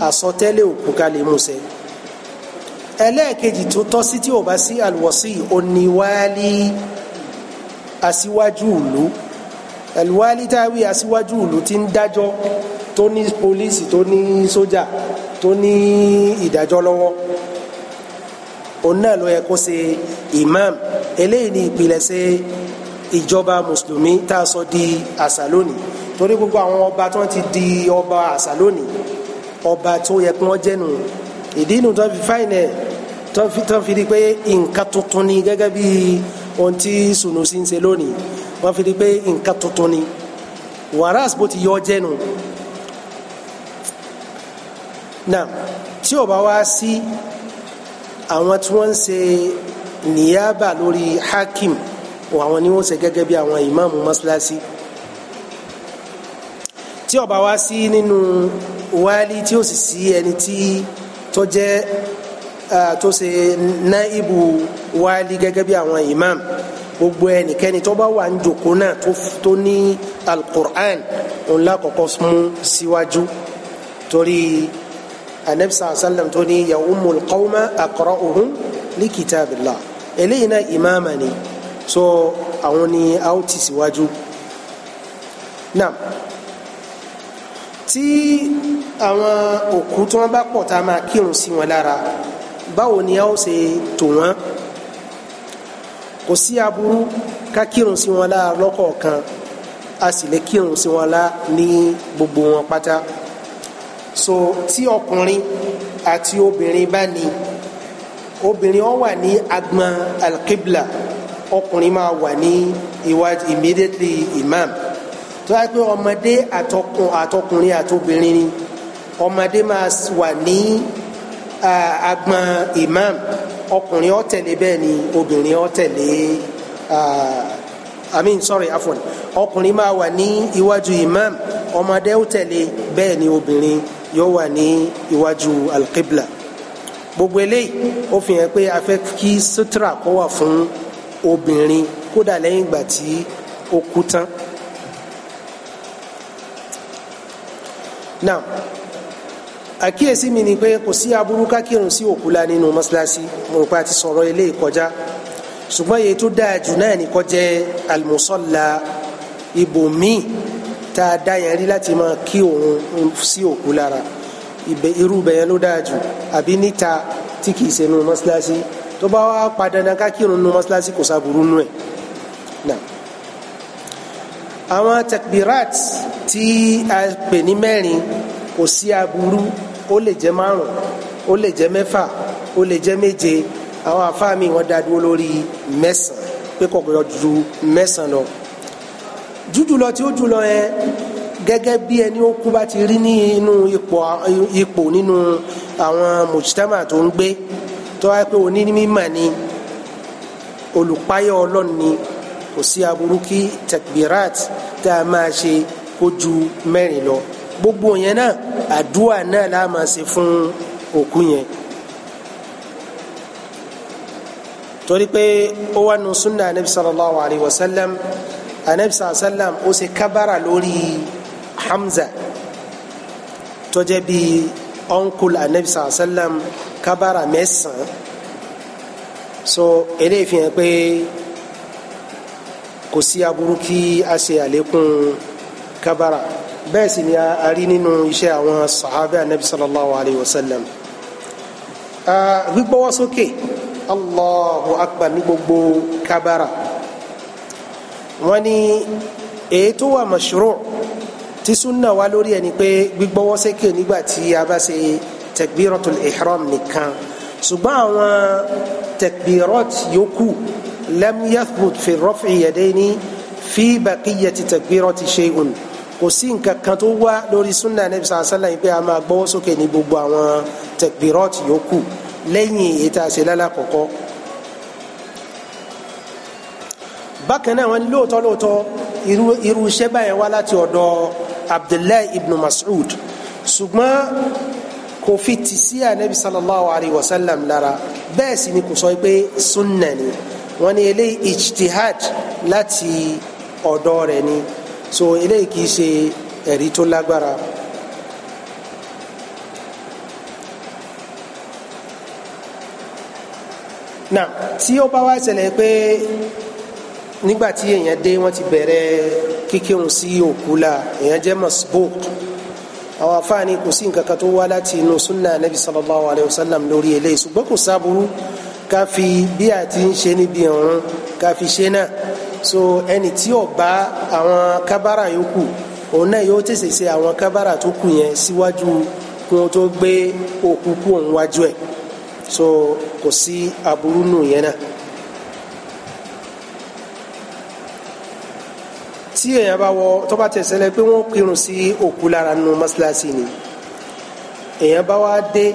àsọtẹ́lẹ̀ òkú ká lè mú ṣẹ ẹlẹ́ẹ̀kejì tó tọ́ sí tí ò bá sí alwasi ó ní wálí aṣíwájú ìlú ẹlùwálí táwí aṣíwájú ìlú ti ń dájọ́ tó ní polisi tó ní sójà tó ní ìdájọ́ lọ́wọ́ ona náà ló yẹ kó ṣe imam eléyìí ni ìpilẹ̀ṣẹ̀ ìjọba mùsùlùmí tá a sọ di àṣà lónìí torí gbogbo àwọn ọba tó ti di ọba àṣà lónìí ọba tó yẹ kí wọ́n jẹ́nu ìdí inú tó fi fáìn ẹ̀ tó fi di pé nǹkan tuntun ni gẹ́gẹ́ bí ohun tí Sunusi ń ṣe lónìí wọ́n fi di pé nǹkan tuntun ni wàràs bó ti yọ jẹ́nu náà tí ọba wa sí. Si, àwọn tí wọ́n ń ṣe niyaba lórí hakim àwọn ni wọ́n ṣe gẹ́gẹ́ bí àwọn ìmáàmù mọ́ṣáláṣí tí ó bá wá sí nínú wálí tí ó sì sí ẹni tí tó jẹ́ tó ṣe náìbù wálí gẹ́gẹ́ bí àwọn ìmáàmù gbogbo ẹnikẹ́ni tó bá wà ń jòkó náà tó ní alukur'an ńlá kọ́kọ́ mú síwájú torí anabi sallam tó ní ya umul qawma aqra'uhum li kitabillah eléyìí náà ìmáàmà ni so àwọn ni a ó ti síwájú náà tí àwọn òkú tí wọn bá pọ̀ tá a máa kírun sí wọn lára báwo ni a ó ṣe tò wọn kò sí aburú ká kírun sí wọn lára lọ́kọ̀ọ̀kan a sì lè kírun sí wọn lá ní gbogbo wọn pátá so tí ọkùnrin àti obìnrin bá ní obìnrin ó wà ní agbọn alqibla ọkùnrin máa wà ní iwájú immediately imam tó yà pé ọmọdé àtọkùnrin àtobìnrin ni ọmọdé máa wà ní agbọn imam ọkùnrin ó tẹ̀lé bẹ́ẹ̀ ni obìnrin ó tẹ̀lé i mean sorry afọn ọkùnrin máa wà ní iwájú imam ọmọdé ó tẹ̀lé bẹ́ẹ̀ ni obìnrin yóò wà ní iwájú alqibla gbogbo eléyìí ó fi hàn pé a fẹ́ kí sutra kó wà fún obìnrin kódà lẹ́yìn ìgbà tí ó kú tán. now àkíyèsí mi ni pé kò sí aburú ká kírun sí òkú la nínú mọ́ṣáláṣí mo rò ti sọ̀rọ̀ eléyìí kọjá ṣùgbọ́n èyí tó dáa jù náà ni kó jẹ́ ibòmíì tá a dá yẹn rí láti máa kí òun sí òkú lára ibẹ̀ irú bẹ̀yẹn ló dáa jù àbí níta tí kìí ṣe nu mọ́ṣáláṣí tó bá wá padàdà ká kírun nu mọ́ṣáláṣí kò sábúrú nù ẹ̀ àwọn takbirat tí a pè ní mẹ́rin kò sí aburú ó lè jẹ́ márùn ó lè jẹ́ mẹ́fà ó lè jẹ́ méje àwọn àfáàmì wọn dá dúró lórí mẹ́sàn-án pé kò ju mẹ́sàn-án lọ jújùlọ tí ó jùlọ yẹn gẹ́gẹ́ bí ẹni ó kú bá ti rí ní inú ipò nínú àwọn mùsítàmà tó ń gbé tó wáyé pé òní mímà ni olùpáyọ̀ ọlọ́run ni kò sí aburú kí takbirat tá a máa ṣe kó ju mẹ́rin lọ gbogbo yẹn náà àdúrà náà la máa ṣe fún òkú yẹn. torí pé ó wà nù sunna anabi sallallahu wa sallam anabi sallam ó ṣe kábàrà lórí hamza tó jẹ́ bí ọ̀nkùl anabi sallam kábàrà so eléyìí fi hàn pé kò sí aburú kí a ṣe àlékún kábàrà bẹ́ẹ̀ sì ni a rí nínú iṣẹ́ àwọn sàhábà anabi sallallahu alayhi wa sallam gbígbọ́wọ́ allahu akbar ní gbogbo kábàrà wọ́n ní èyí tó wà mashru' tí súnà wá lórí ẹni pé gbígbọ́wọ́ sékè nígbà tí a bá ṣe takbiratul ihram nìkan ṣùgbọ́n àwọn takbirat yòókù lam yathbut fi raf'i yadayni fi baqiyati takbirati shay'un kò sí nǹkan kan tó wá lórí súnà Nabi sallallahu alaihi wasallam pé a máa gbọ́wọ́ sókè ní gbogbo àwọn takbirat yòókù lẹ́yìn èyí tá a ṣe lálàkọ̀kọ́ bákan náà wọ́n lóòótọ́ lóòótọ́ irú irú iṣẹ́ báyẹn wá láti ọ̀dọ̀ abdullahi ibn mas'ud ṣùgbọ́n kò fi tì sí ànábi sallallahu alayhi wa sallam lára bẹ́ẹ̀ sì ni kò sọ pé sunna ni wọ́n ní eléyìí ijtihad láti ọ̀dọ̀ rẹ̀ ni so eléyìí kì í ṣe ẹ̀rí tó lágbára. náà tí ó bá wá ṣẹlẹ̀ pé nígbà tí èèyàn dé wọ́n ti bẹ̀rẹ̀ kíkéhùn sí òkú la èèyàn jẹ́ masbuk àwọn afáàní kò sí nǹkan kan tó wá láti inú sunna nabi sallallahu alayhi wa sallam lórí eléyìí ṣùgbọ́n kò sábúrú ká fi bí a ti ń ṣe níbi ọ̀run ká fi ṣe náà so ẹni tí ó bá àwọn kábàrà yòókù òun náà yóò tètè ṣe àwọn kábàrà tó kù yẹn síwájú kí tó gbé òkú kú òun wájú ẹ̀ so kò sí aburú nù yẹn náà. tí èèyàn bá wọ tó bá tẹ̀sẹ̀lẹ̀ pé wọ́n kírun sí òkú lára nínú mọ́ṣáláṣí ni èèyàn bá wá dé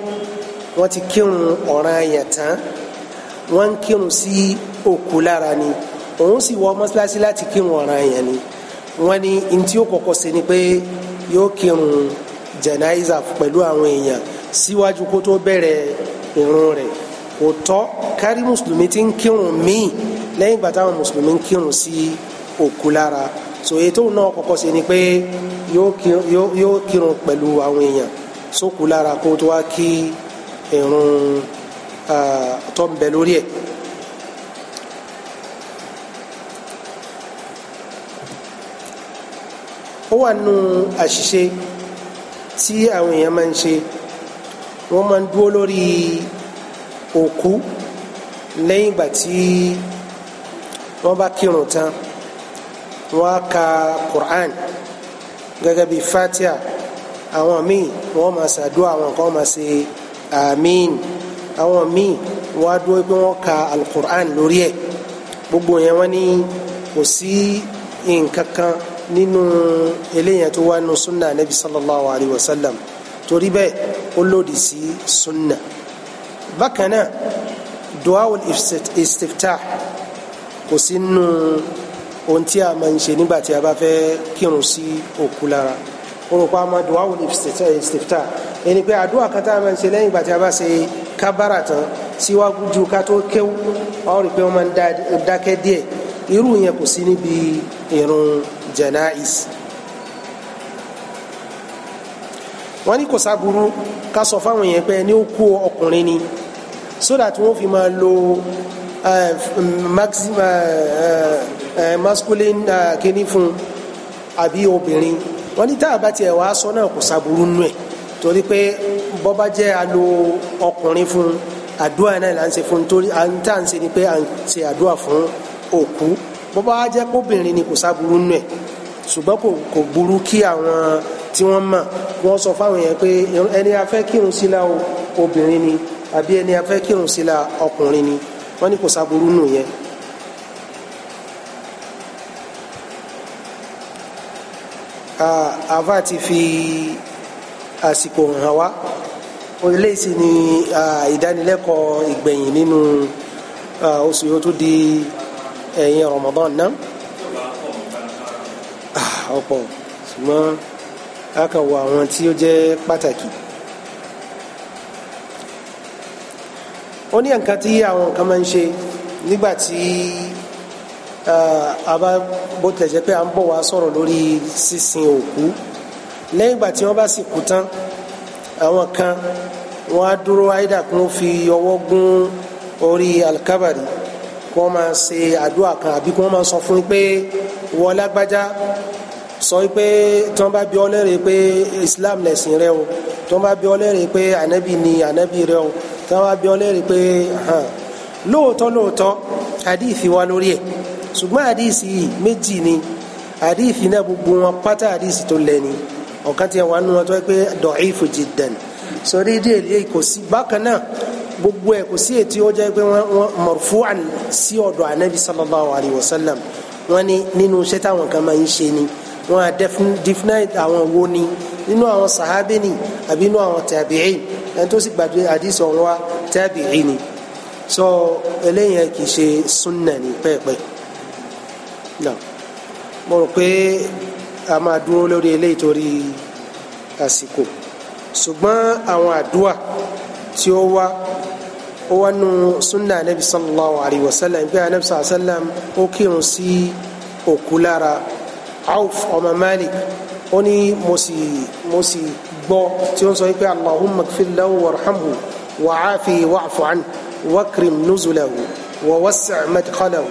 wọ́n ti kírun ọ̀ràn èèyàn tán wọ́n ń kírun sí òkú lára ni òun sì wọ mọ́ṣáláṣí láti kírun ọ̀ràn èèyàn ni wọ́n ní ntí ó kọ́kọ́ ṣe ni pé yóò kírun jẹ̀náìzà pẹ̀lú àwọn èèyàn síwájú kó tó bẹ̀rẹ̀ ìrun rẹ̀ kò tọ́ kárí mùsùlùmí ti ń kírun míì lẹ́yìn ìgbà táwọn mùsùlùmí ń kírun sí òkú lára so ètò náà kọ́kọ́ ṣe ni pé yóò kírun pẹ̀lú àwọn èèyàn sókù lára kó tó wá kí irun tó ń bẹ lórí ẹ̀. ó wà nù àṣìṣe tí àwọn èèyàn máa ń ṣe wọ́n máa ń dúró lórí òkú lẹ́yìn ìgbà tí wọ́n bá kírun tán wọ́n á ka Qur'an gẹ́gẹ́ bí Fatiha àwọn míì wọ́n máa ṣàdúrà àwọn kan máa ṣe àmín àwọn míì wọ́n á dúró pé wọ́n ka al-Qur'an lórí ẹ̀ gbogbo yẹn wọ́n ní kò sí nǹkan kan nínú eléyàn tó wá nínú sunna nabi sallallahu alayhi wa sallam torí bẹ́ẹ̀ ó lòdì sí sunna bákan náà du'a istiftah kò sí nínú ohun tí a máa ń ṣe nígbà tí a bá fẹ́ kírun sí òkú lára orúkọ àmọ́ dùn àwọn ìsìtìtà ẹni pé àdúrà kan tá a máa ń ṣe lẹ́yìn ìgbà tí a bá ṣe kábàrà tán síwájú ju ká tó kéwú ọ rí pé wọ́n máa ń dákẹ́ díẹ̀ irú yẹn kò sí níbi ìrun janais wọ́n ní kò sáburú ká sọ fáwọn yẹn pé ẹni ó kú ọkùnrin ni so that wọ́n fi máa lo Uh, uh, uh, masculine kíní fún àbí obìnrin wọ́n ní tá a bá tiẹ̀ wá sọ náà kò sábúrú nù ẹ̀ torí pé bó bá jẹ́ alo ọkùnrin fún àdúrà náà là ń ṣe fún torí à ń tà ń ṣe ni pé à ń ṣe àdúrà fún òkú bó bá jẹ́ kóbìnrin ni kò sábúrú nù ẹ̀ ṣùgbọ́n kò kò burú kí àwọn tí wọ́n mọ̀ wọ́n sọ fáwọn yẹn pé ẹni afẹ́ kírun sílá obìnrin ni àbí ẹni afẹ́ kírun sílá ọkùnrin ni wọ́n ní kò sáburú nù yẹn. àbá ti fi àsìkò hàn wá eléyìí sì ni ìdánilẹ́kọ̀ọ́ ìgbẹ̀yìn nínú oṣù yóò tún di ẹ̀yìn Ramadan náà ọ̀pọ̀ ṣùgbọ́n a kàn wọ àwọn tí ó jẹ́ pàtàkì. ó ní nǹkan tí àwọn kan máa ń ṣe nígbà tí àbá bó tẹ̀jẹ́ pé à ń bọ̀ wá sọ̀rọ̀ lórí sísin òkú lẹ́yìn ìgbà tí wọ́n bá sì kú tán àwọn kan wọ́n á dúró áìdá kí wọ́n fi ọwọ́ gún orí alikabari kí wọ́n máa ṣe àdúrà kan àbí kí wọ́n máa sọ fún pé wọ́n lágbájá sọ pé tí wọ́n bá bi ọ́ lérè pé Islam lẹ̀sìn rẹ o tí wọ́n bá bi ọ́ lérè pé ànábì ni ànábì rẹ o tí wọ́n bí ọ léèrè pé lóòótọ́ lóòótọ́ àdìsí wa lórí ẹ̀ ṣùgbọ́n àdìsí méjì ni àdìsí náà gbogbo wọn pátá àdìsí tó lẹ́ni ọ̀kan tí wà nù wọn tó yẹ pé dọ̀ífù jiddan sọ̀rọ̀ èdè èlé kò sí bákan náà gbogbo ẹ̀ kò sí ètí ó jẹ́ pé wọ́n marfu'an sí ọ̀dọ̀ ànábi sallallahu alayhi wa sallam wọ́n ní nínú iṣẹ́ táwọn kan máa ń ṣe ni wọn à definite àwọn wo ni nínú àwọn sàhábì ni àbí nínú àwọn tàbíìn ẹni tó sì gbàgbé àdìsọ wọn wá tàbíìn ni so eléyìí kì í ṣe súnà ní pẹ́ẹ́pẹ́ náà mo rò pé a máa dúró lórí eléyìí torí àsìkò ṣùgbọ́n àwọn àdúà tí ó wá ó wá nu sunna anabi sallallahu alayhi wa sallam bí anabi sallallahu alayhi wa sallam ó kírun sí òkú lára Auf ọmọ Malik ó ní mo sì mo sì gbọ́ tí ó ń sọ wípé Allahumma kfir lahu warhamhu wa'afi wa'fu anhu wakrim nuzulahu wawassa' madkhalahu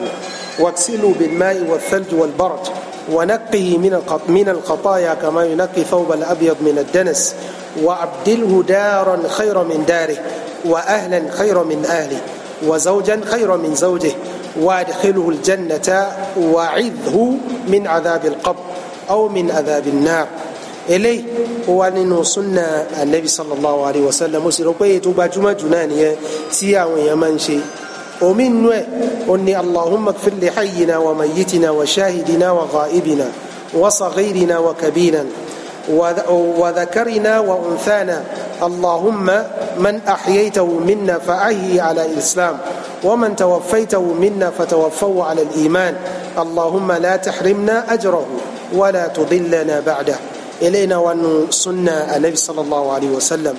waksilu bilma'i wathalj walbarad ونقه من من الخطايا كما ينقي ثوب الابيض من الدنس وابدله دارا خيرا من داره واهلا خيرا من اهله وزوجا خيرا من زوجه وادخله الجنة وعذه من عذاب القبر أو من عذاب النار إليه وأن سنة النبي صلى الله عليه وسلم وسير بيت بجمع جنانية سيا ويمن شيء ومن أن اللهم اغفر لحينا وميتنا وشاهدنا وغائبنا وصغيرنا وكبيرا وذكرنا وأنثانا اللهم من أحييته منا فأهي على الإسلام ومن توفيته منا فتوفوا على الإيمان اللهم لا تحرمنا أجره ولا تضلنا بعده إلينا وأن سنة النبي صلى الله عليه وسلم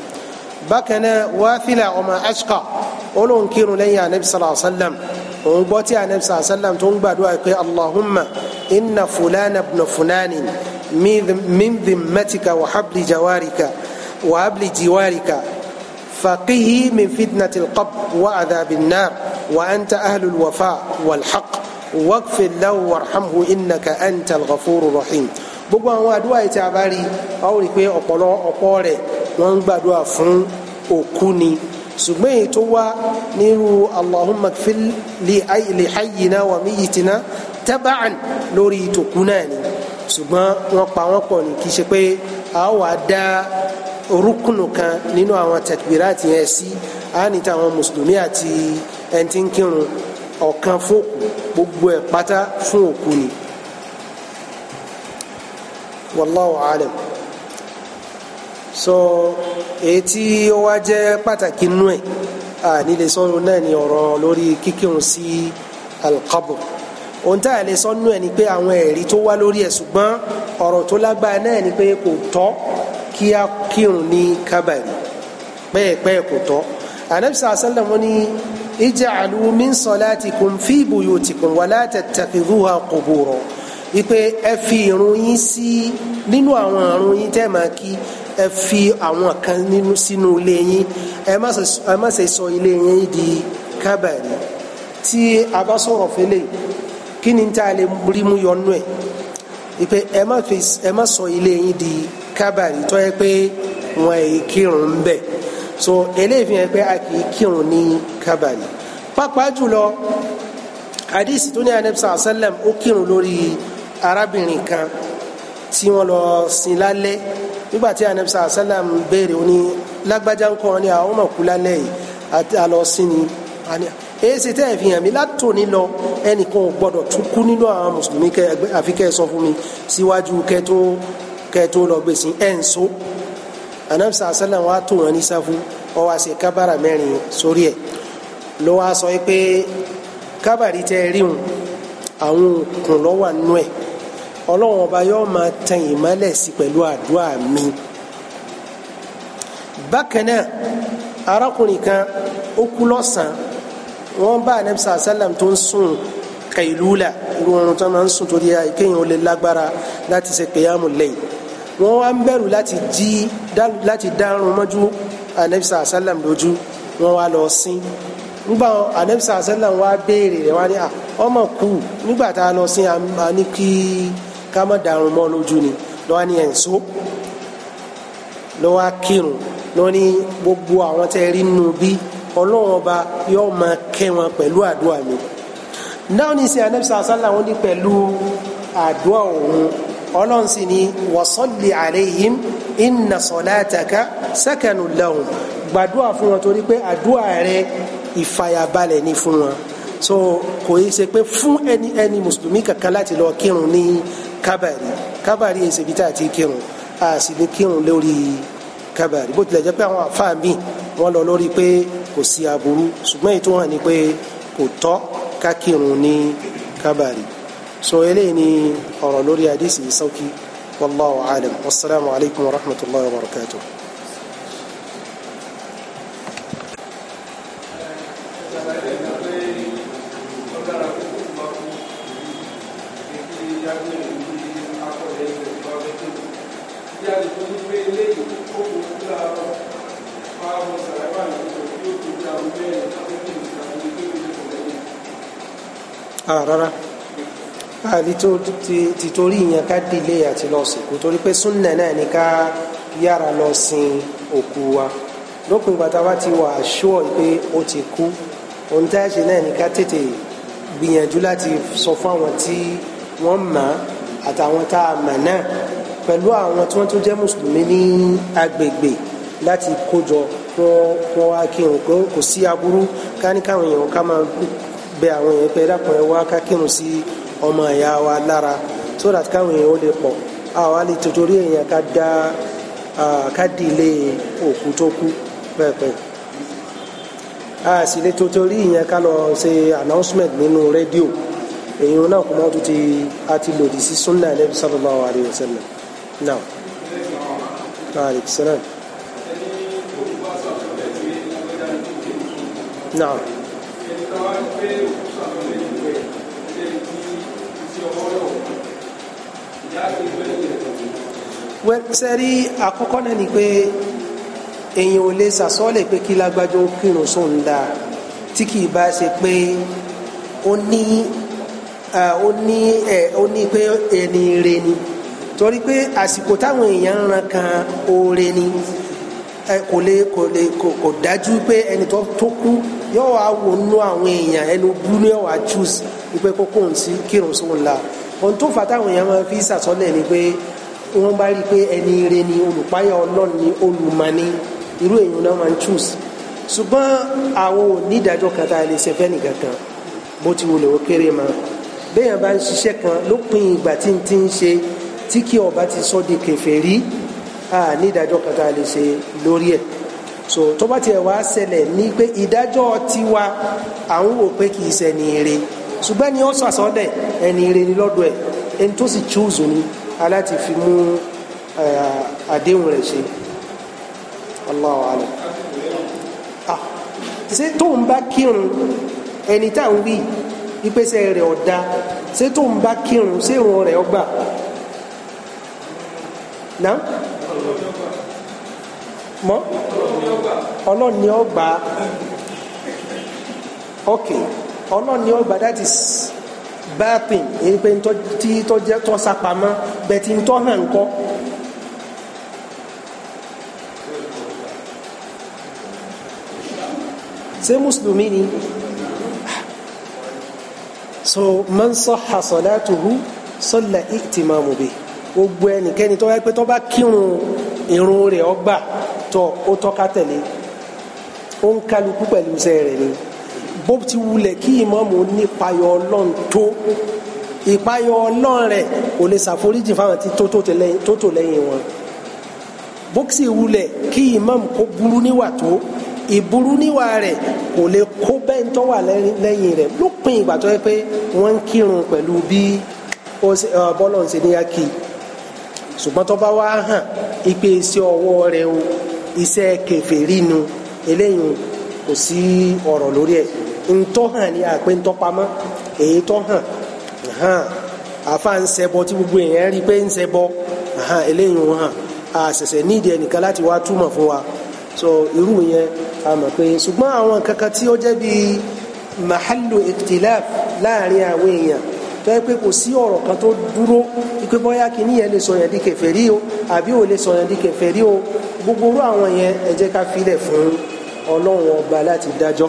بكنا واثلا وما أشقى أولون كيرو لي النبي صلى الله عليه وسلم وبوتي النبي صلى الله عليه وسلم تنبع دعاء اللهم إن فلان ابن فلان من ذمتك وحبل جوارك وحبل جوارك فقه من فتنة القبر وعذاب النار وأنت أهل الوفاء والحق واغفر له وارحمه إنك أنت الغفور الرحيم gbogbo àwọn àdúrà yìí tí a bá rí a ó rí i pé ọ̀pọ̀lọ ọ̀pọ̀ rẹ̀ wọ́n ń gbàdúrà fún òkú ni ṣùgbọ́n èyí tó wá nírú allahumma kfil li hayyina wa miyitina taba'an lórí ìtòkú náà ni ṣùgbọ́n wọ́n pa wọ́n pọ̀ ní kì ṣe pé a ó wàá dá orúkùnù kan nínú àwọn tàkbíràtì yẹn sí a ní tàwọn mùsùlùmí àti ẹni tí ń kírun ọ̀kan fókù gbogbo ẹ̀ pátá fún òkú ni wallahu alam so èyí tí ó wá jẹ́ pàtàkì nú ẹ̀ à nílé sọ́run náà ni ọ̀rọ̀ lórí kíkírun sí alqabr ohun tá a lè sọ nú ẹ̀ ni pé àwọn ẹ̀rí tó wá lórí ẹ̀ ṣùgbọ́n ọ̀rọ̀ tó lágbára náà ni pé kò tọ́ kí a kírun ní kábàárì pẹ́ẹ̀pẹ́ẹ̀ kò tọ́ ànábìsà sálẹ̀ ni ij'alu min salatikum fi buyutikum wa la tattakhidhuha qubura ipe ẹ fi irun yín sí nínú àwọn irun yín tẹ́ máa kí ẹ fi àwọn kan nínú sínú ilé yín ẹ má ṣe sọ ilé di kábàárì tí a bá sọ̀rọ̀ fẹ́lẹ̀ kí ni tá a lè rí ipe ẹ má sọ ilé di kábàárì tó yẹ pé wọn ì kírun bẹ́ẹ̀ so eléyìí fi hàn pé a kì í kírun ní kábàlì pàápàá jùlọ hadith tó ní anabisa asalam ó kírun lórí arábìnrin kan tí wọ́n lọ sin lálẹ́ nígbà tí anabisa asalam béèrè ó lágbájá ń kọ́ ọ ní àwọn ọmọ kú yìí àti àlọ́ sí ni èsì tẹ́ ẹ̀ fi hàn mí látòní lọ ẹnìkan ò gbọ́dọ̀ tún kú nínú àwọn mùsùlùmí àfi kẹ́ ẹ sọ fún mi síwájú kẹ́ tó lọ gbèsè ẹ̀ ń so anabi sàlá sàlá wa tó wọn ní sáfù ọ wá ṣe kábàrà mẹ́rin sórí ẹ̀ ló wá sọ pé kábàrí tẹ rí wọn àwọn òkun lọ́wọ́ nú ẹ̀ ọlọ́run ọba yóò máa tan ìmọ́lẹ̀ sí pẹ̀lú àdúrà mi bákan náà arákùnrin kan ó kú lọ́sàn-án wọ́n bá anabi sàlá tó ń sùn kailula irú oorun tó máa ń sùn torí kéèyàn ó lè lágbára láti ṣe qiyamul layl wọ́n wá ń bẹ̀rù láti jí láti dárun mọ́jú anabisa asalam lójú wọ́n wá lọ sin nígbà anabisa asalam wá béèrè rẹ̀ wá ní à ọmọ kù nígbà tá a lọ sin a ní kí ká má dárun mọ́ lójú ni lọ́wọ́ ní ẹ̀ǹso lọ́wọ́ kírun lọ́wọ́ ní gbogbo àwọn tẹ́ rí nù bí ọlọ́run ọba yóò máa kẹ́ wọn pẹ̀lú àdúrà mi náà ní sẹ́ anabisa asalam wọ́n ní pẹ̀lú àdúrà òun ọlọ́run sì ni wasalli alayhim inna salataka sakanun lahum gbàdúrà fún wọn torí pé àdúrà rẹ ìfàyàbalẹ̀ ni fún wọn so kò yí ṣe pé fún ẹni ẹni mùsùlùmí kankan láti lọ kírun ní kábàrí kábàrí èsì bí tá a ti kírun a sì ní kírun lórí kábàrí bó tilẹ̀ jẹ́ pé àwọn àfáà míì wọ́n lọ lórí pé kò sí aburú ṣùgbọ́n ètò hàn ni pé kò tọ́ ká kírun ní kábàrí so eléyìí ni ọ̀rọ̀ lórí àdìsí sọ́kì wallahu alam wasalaamu alaykum wa rahmatulahi wa barakatuh. Ah, rárá àbí ti torí ìyẹn ká dìlé àti lọ sìnkú torí pé súnnà náà ni ká yára lọ sin òkú wa lópin ìgbà tá a bá ti wà ṣúọ̀ pé ó ti kú ohun tá a ṣe náà ni ká tètè gbìyànjú láti sọ fún àwọn tí wọ́n mọ̀ àtàwọn tá a mọ̀ náà pẹ̀lú àwọn tí wọ́n tún jẹ́ mùsùlùmí ní agbègbè láti kójọ wọn wá kírun pé kò sí aburú ká ní káwọn èèyàn ká máa bẹ àwọn èèyàn pé ẹ ẹ wá ká kírun sí i ọmọ ìyá wa lára so that káwọn èèyàn ó lè pọ̀ àwa lè tòtórí èèyàn ká dá ká dìlé òkú tó kú pẹ́ẹ́pẹ́ a sì lè tòtórí ìyẹn ká lọ ṣe announcement nínú rédíò èèyàn náà kò mọ́ tó a ti lòdì sí sunna Nabi sallallahu alayhi wa sallam now alaykum salaam. Naam. No. sẹ́rí àkọ́kọ́ náà ni pé èyàn ò lè sàsọ́ọ̀lẹ̀ pé kí lágbájọ́ kírun sóun da tí kì í bá ṣe pé ó ní ó ní ẹ ó ní pé ẹni re ni torí pé àsìkò táwọn èèyàn ń ran kan oore ni kò lè kò lè kò dájú pé ẹni tó tó kú yóò wá wò nú àwọn èèyàn ẹnu bú ni yóò wá choose wípé kókó ń sí kírun sóun la ohun tó fà táwọn èèyàn máa fi sàsọ́ọ̀lẹ̀ ni pé wọ́n bá rí i pé ẹni ire ni olùpáyà ọlọ́run ni olùmọ̀ni irú èèyàn náà máa ń choose ṣùgbọ́n àwọn onídàájọ́ kan tá a lè ṣe fẹ́ nìkan kan bó ti wulẹ̀ ó kéré ma béèyàn bá ń ṣiṣẹ́ kan lópin ìgbà tí n ti ń ṣe tí kí ọba ti sọ di kèfèrí a nídàájọ́ kan tá a lè ṣe lórí ẹ̀ so tó bá tiẹ̀ wá ṣẹlẹ̀ ní pé ìdájọ́ tiwa àwọn wò pé kì í ṣe ẹni ire ṣùgbọ́n ni ó sọ àsọdẹ̀ ẹni ire ni lọ́dọ̀ ẹ̀ ẹni tó sì choose ni aláti fi mú àdéhùn rẹ̀ ṣe Allahu alam ah, ṣé tóun bá kírun ẹni tá à ń wí ìpèsè rẹ̀ ọ̀dà ṣé tóun bá kírun ṣé ìrun rẹ̀ ọgbà náà mọ́ ọlọ́run ọgbà ok ọlọ́run ọgbà that is báàpìn èyí pé tí tó jẹ́ tó sapamọ́ bẹ́ẹ̀ tí tó hàn kọ́. ṣé mùsùlùmí ni so man sahha salatuhu salla i'timamu bihi gbogbo ẹnikẹ́ni tó wáyé pé tó bá kírun irun rẹ̀ ọgbà tó ó tọ́ka tẹ̀lé ó ń kálukú pẹ̀lú iṣẹ́ rẹ̀ ni. So, bó ti wulẹ̀ kí ìmáàmù nípayọ̀ ọlọ́run tó ìpayọ̀ ọlọ́run rẹ̀ kò lè ṣàforíjì fáwọn tí tó tò lẹ́yìn wọn bóksì wulẹ̀ kí ìmáàmù kó burú níwà tó ìburú níwà rẹ̀ kò lè kó bẹ́ẹ̀ tó wà lẹ́yìn rẹ̀ lópin ìgbà tó yẹ pé wọ́n ń kírun pẹ̀lú bí bọ́lọ̀ ń ṣe ní yákì ṣùgbọ́n tó bá wá hàn ipe iṣẹ́ ọwọ́ rẹ̀ o iṣẹ́ kèfèrí nu eléyìí kò sí ọ̀rọ̀ lórí ẹ̀ ntọ́ hàn ni àpé ntọ́ pamọ́ èyí tọ́ hàn hàn àfa ń ṣẹbọ tí gbogbo èèyàn rí pé ń ṣẹbọ hàn eléyìí ń hàn àṣẹ̀ṣẹ̀ nídìí ẹnìkan láti wá túmọ̀ fún wa so irú yẹn a mọ̀ pé ṣùgbọ́n àwọn kankan tí ó jẹ́ bíi mahalu ikhtilaf láàrin àwọn èèyàn tó yẹ pé kò sí ọ̀rọ̀ kan tó dúró pé bóyá kìíní yẹn lè sọyàn di kèfèrí o àbí ò lè sọyàn di kèfèrí o gbogbo orú àwọn yẹn ẹ jẹ́ ká filẹ̀ fún ọlọ́run ọba láti dájọ́.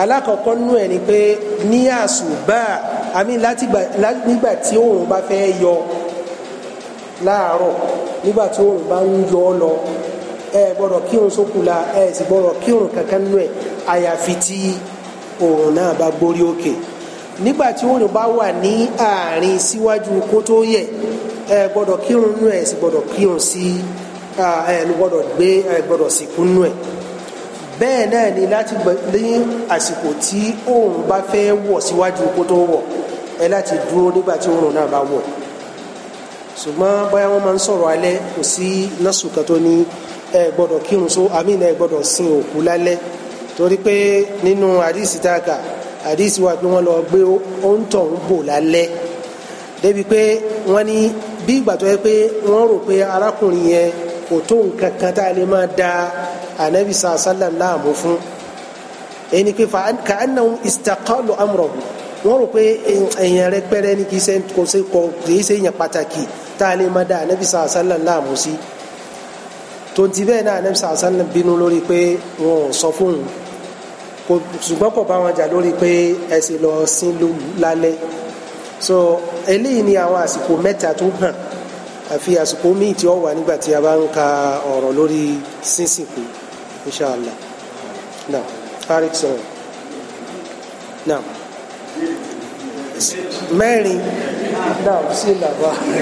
alákọ̀ọ́kọ́ nú ẹ̀ ni pé ní àsùbá àmì nígbà tí òòrùn bá fẹ́ yọ láàárọ̀ nígbà tí òòrùn bá ń yọ ọ lọ ẹ gbọ́dọ̀ kírun sókùlà ẹ sì gbọ́dọ̀ kírun kankan nú ẹ̀ àyàfi tí òòrùn náà bá gbórí òkè nígbà tí òòrùn bá wà ní àárín síwájú kó tó yẹ ẹ gbọ́dọ̀ kírun nú ẹ̀ sì gbọ́dọ̀ kírun sí ẹ gbọ́dọ̀ gbé ẹ gbọ́dọ̀ sìnkú nú ẹ̀ bẹ́ẹ̀ náà ni láti ní àsìkò tí oòrùn bá fẹ́ wọ̀ síwájú kó tó wọ̀ ẹ láti dúró nígbà tí oòrùn náà bá wọ̀ ṣùgbọ́n báyà wọ́n máa ń sọ̀rọ̀ alẹ́ kò sí násù kan tó ní ẹ gbọ́dọ̀ kírun só àmì náà ẹ gbọ́dọ̀ sin òkú lálẹ́ torí pé nínú àdìsí tààkà àdìsí wa pé wọ́n lọ gbé oúntọ̀ ń bò lálẹ́ débi pé wọ́n ní bí ìgbà tó yẹ pé wọ́n rò pé arákùnrin yẹn kò tó nǹkan kan tá a lè máa da anabi sàá la láàbò fún ẹni pé ka annahum istaqalu amrahu wọ́n rò pé èèyàn rẹ pẹ́rẹ́ ní kì í ṣe kò ṣe kò kì í ṣe èèyàn pàtàkì tá a lè má dá anabi sàá sálàm láàbò sí tonti bẹ́ẹ̀ náà anabi sàá sálàm bínú lórí pé wọn ò sọ fóun ṣùgbọ́n kò bá wọn jà lórí pé ẹ lọ sin lálẹ́ so eléyìí ni àwọn àsìkò mẹ́ta tó hàn àfi àsìkò míì tí ó wà nígbà tí a bá ń ka ọ̀rọ̀ lórí sínsìnkú. ان شاء الله نعم عليك السلام نعم ماري نعم بسم الله الرحمن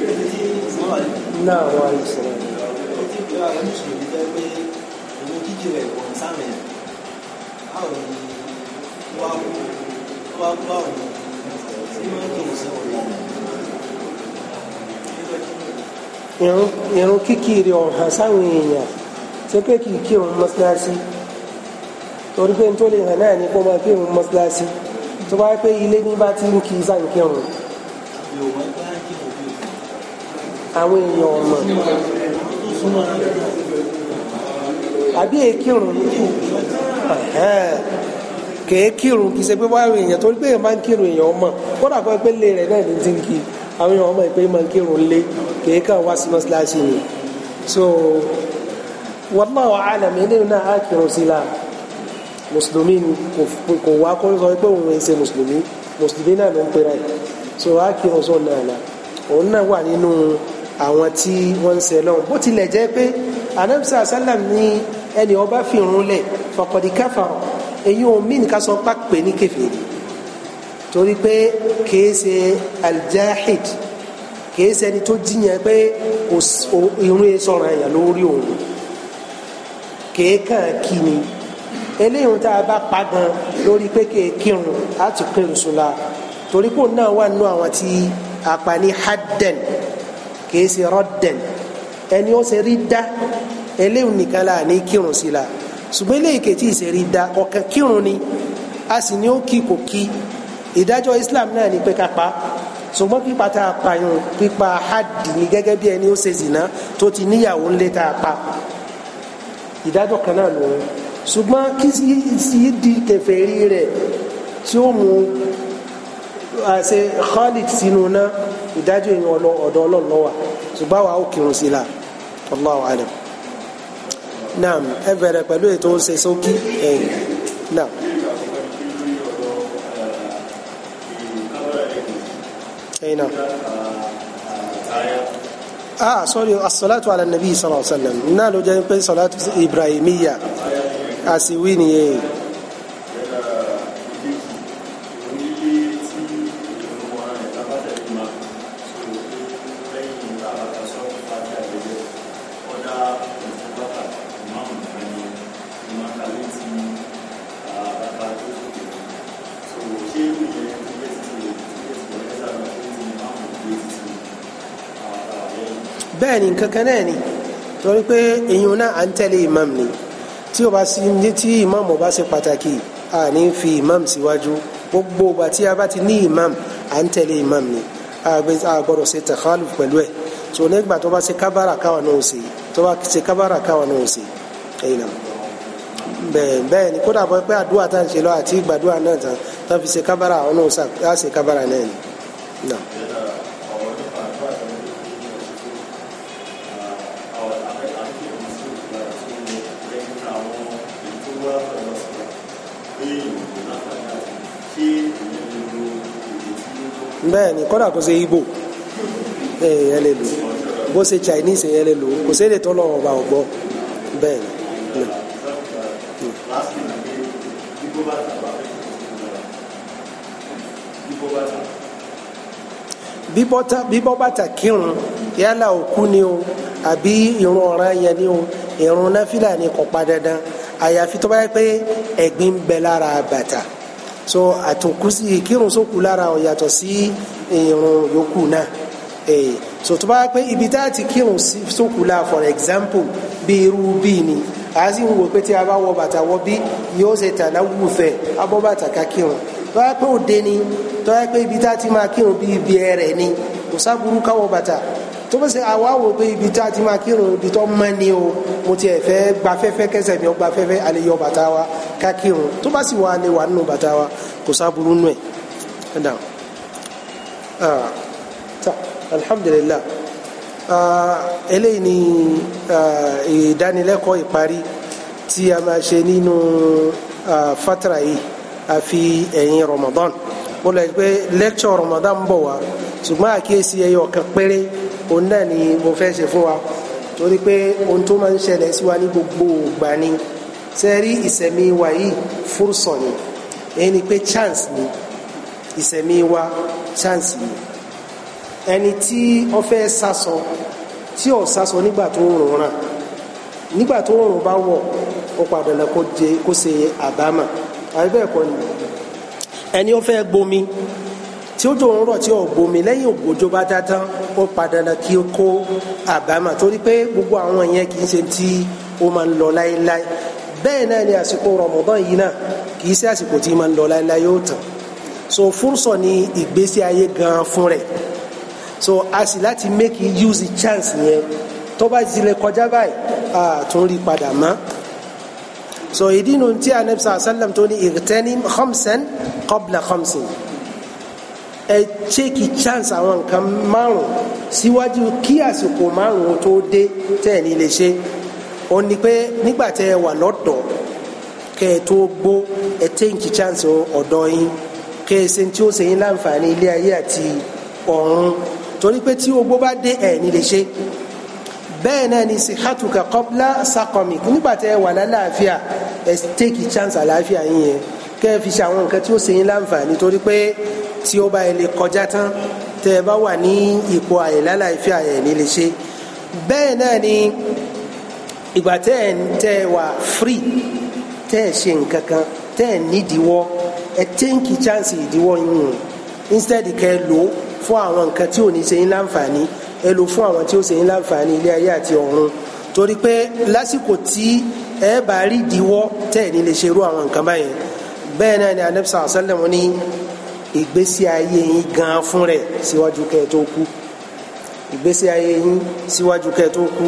الرحيم نعم وعليكم السلام Thank you. irun irun kíkiri ọ̀hún hàn sáwọn èèyàn ṣé pé tori pe n tó lè hàn náà ní kó máa kírun mọ́ṣáláṣí tó ti ń kí sáà ń kírun kì í ṣe pé wáyé èèyàn torí pé èèyàn máa ń kírun àwọn èèyàn ọmọ ìpè máa ń kírun lé kìí kàn wá sí mọ́sálásí ni so wallahu alam eléyìí náà á kírun sí la mùsùlùmí kò wá kó sọ pé òun ń ṣe mùsùlùmí mùsùlùmí náà ló ń pera ẹ̀ so á kírun sọ náà la òun náà wà nínú àwọn tí wọ́n ń ṣe lọ́wọ́ bó tilẹ̀ jẹ́ pé anamsa salam ní ẹni ọba fìrún lẹ̀ fọkọ̀dí káfà èyí ò mí nìkan sọ pé ní kèfèrí torí pé kìí ṣe aljahid kìí ṣe ẹni tó jiyàn pé irun yẹn sọ̀rọ̀ ẹ̀yà lórí òun kìí kàn kí ni eléyìí tá a bá pa gan lórí pé kìí kírun á tún kírun sùn la torí pé òun náà wà nínú àwọn tí apá ní hadden kìí ṣe rodden ẹni ó ṣe rí dá eléyìí nìkan la ní kírun sí la ṣùgbọ́n eléyìí kìí ṣe rí dá ọ̀kan kírun ni a sì ní ó kí kò kí ìdájọ́ Islam náà ni pé ká pa ṣùgbọ́n pípa tá a pa yun pípa hadd ni gẹ́gẹ́ bí ẹni ó ṣe zìnà tó ti níyàwó ńlé tá a pa ìdájọ́ kan náà lòun ṣùgbọ́n kí sì di kèfèrí rẹ̀ tí ó mú àṣẹ Khalid sínú náà ìdájọ́ ìyẹn ọ̀dọ̀ Ọlọ́run ló ṣùgbọ́n àwa ó kírun sí la Allahu alam naam ẹ bẹ̀rẹ̀ pẹ̀lú ètò ṣe sókí ẹ̀yìn naam. اينا اه سوري الصلاه على النبي صلى الله عليه وسلم نالو جاي صلاه ابراهيميه اسيويني nǹkan kan náà ni torí pé èyàn náà à ń tẹ̀lé imam ni tí o bá sí ní tí imam o bá ṣe pàtàkì a ní fi imam síwájú gbogbo ìgbà tí a bá ti ní imam à ń tẹ̀lé imam ni a gbọ́dọ̀ ṣe tẹ̀kálù pẹ̀lú ẹ̀ tó nígbà tó bá ṣe kábàrà káwọn náà ṣe tó bá ṣe kábàrà káwọn náà ṣe ẹ̀yìn náà bẹ́ẹ̀ bẹ́ẹ̀ ni kódà bọ́ pé àdúrà tá à ń ṣe lọ àti ìgbàdúrà náà tán tó fi ṣe kábàrà àwọn náà ṣe kábàrà náà ni. náà ni kọ́dà kó ṣe Igbo ẹ̀yẹ lè lò bó Chinese ẹ̀yẹ lè lò kò sí èdè yálà òkú ni o àbí irun ọ̀ràn yẹn ni o irun náfìlà ni kò dandan àyàfi tó bá yẹ pé ẹ̀gbin so àtòkúsí kírun sókù lára ó sí irun yòókù náà ee eh, so tó bá pé ibi tá a ti kírun sókù lára for example bí irú bí ni a sì ń wò pé tí a bá wọ bàtà wọ bí yóò ṣe tànà wùfẹ́ abọ́ bàtà ká kírun tó bá pé òde ni tó bá pé ibi tá a ti máa kírun bí ibi ẹ̀rẹ̀ ni kò sábúrú káwọ bàtà tó bá ṣe àwa wò pé ibi tá a ti máa kírun ibi tó mọ́ ni o mo tiẹ̀ fẹ́ gba fẹ́fẹ́ kẹsẹ̀ mi ó gba fẹ́fẹ́ alẹ́ yọ bàtà wa ká kírun tó bá sì wà lè wà nínú bàtà wa kò sáburú nù ẹ̀ dàn ta alhamdulillah eléyìí ni ìdánilẹ́kọ̀ọ́ ìparí tí a máa ṣe nínú fatara yìí àfi ẹ̀yìn Ramadan mo lọ pé lecture Ramadan ń bọ̀ wá ṣùgbọ́n àkíyèsí ẹyọ kan péré òun náà ni mo fẹ́ ṣe fún wa torí pé ohun tó máa ń ṣẹlẹ̀ sí wa ní gbogbo ìgbà ni sẹ́rí ìsẹ̀mí wa yìí fúrúsọ̀ ni èyí ni pé chance ni ìsẹ̀mí wa chance ni ẹni tí ó fẹ́ sásọ tí ò sásọ nígbà tó ń rùn ràn nígbà tó ń rùn bá wọ̀ ó padà lọ kó ṣe àbámọ̀ àbí bẹ́ẹ̀ ni ẹni ó fẹ́ gbomi tí ó jò ń rọ̀ tí ò bomi lẹ́yìn ògbójò bá dá tán ó padà lọ kí ó kó àbámà torí pé gbogbo àwọn yẹn kì í ṣe tí ó máa ń lọ láéláé bẹ́ẹ̀ náà ni àsìkò Ramadan yìí náà kì í ṣe àsìkò tí máa ń lọ láéláé yóò tàn so fúrúsọ ni ìgbésí ayé gan fún rẹ̀ so a sì láti make use the chance yẹn tó bá ti lè kọjá báyìí a tún rí padà mọ́ so ìdí nu tí anabi sàlám tó ní igtanim khamsan qabla khamsin ẹ ṣéèkì chance àwọn nǹkan márùn síwájú kí àsìkò márùn ó tó dé tẹ́ ẹ̀ ní lè ṣe ó ní pé nígbà tẹ́ ẹ wà lọ́dọ̀ kẹ́ ẹ tó gbó ẹ ṣéèkì chance ọ̀dọ́ yín kẹ́ ẹ ṣe tí ó ṣe yín láǹfààní ilé ayé àti ọ̀run torí pé tí ogbó bá dé ẹ̀ ní lè ṣe bẹ́ẹ̀ náà ni sihatuka qabla sakomik nígbà tẹ́ ẹ wà lálàáfíà ẹ ṣéèkì chance àlàáfíà yín yẹn kẹ́ ẹ fi ṣe àwọn nǹkan tí ó ṣe yín láǹfààní torí pé tí ó bá lè kọjá tán tẹ ẹ bá wà ní ipò àìlálàáfíà ẹ̀ ní lè ṣe bẹ́ẹ̀ náà ni ìgbà tẹ́ ẹ̀ ń tẹ́ ẹ wà free tẹ́ ẹ ṣe nǹkan kan tẹ́ ẹ nídìíwọ́ ẹ tẹ́ǹkì chance ìdíwọ́ yín o instead kẹ́ ẹ lò ó fún àwọn nǹkan tí ò ní ṣe yín láǹfààní ẹ lò fún àwọn tí ó ṣe yín láǹfààní ilé ayé àti ọ̀run torí pé lásìkò tí ẹ bá rí ìdíwọ́ tẹ́ ẹ ní lè ṣerú àwọn nǹkan báyẹn bẹ́ẹ̀ náà ni anabi sàlẹ̀ wọn ni ìgbésí ayé yín gan fún rẹ̀ síwájú kẹ́ ẹ tó kú ìgbésí ayé yín síwájú kẹ́ ẹ tó kú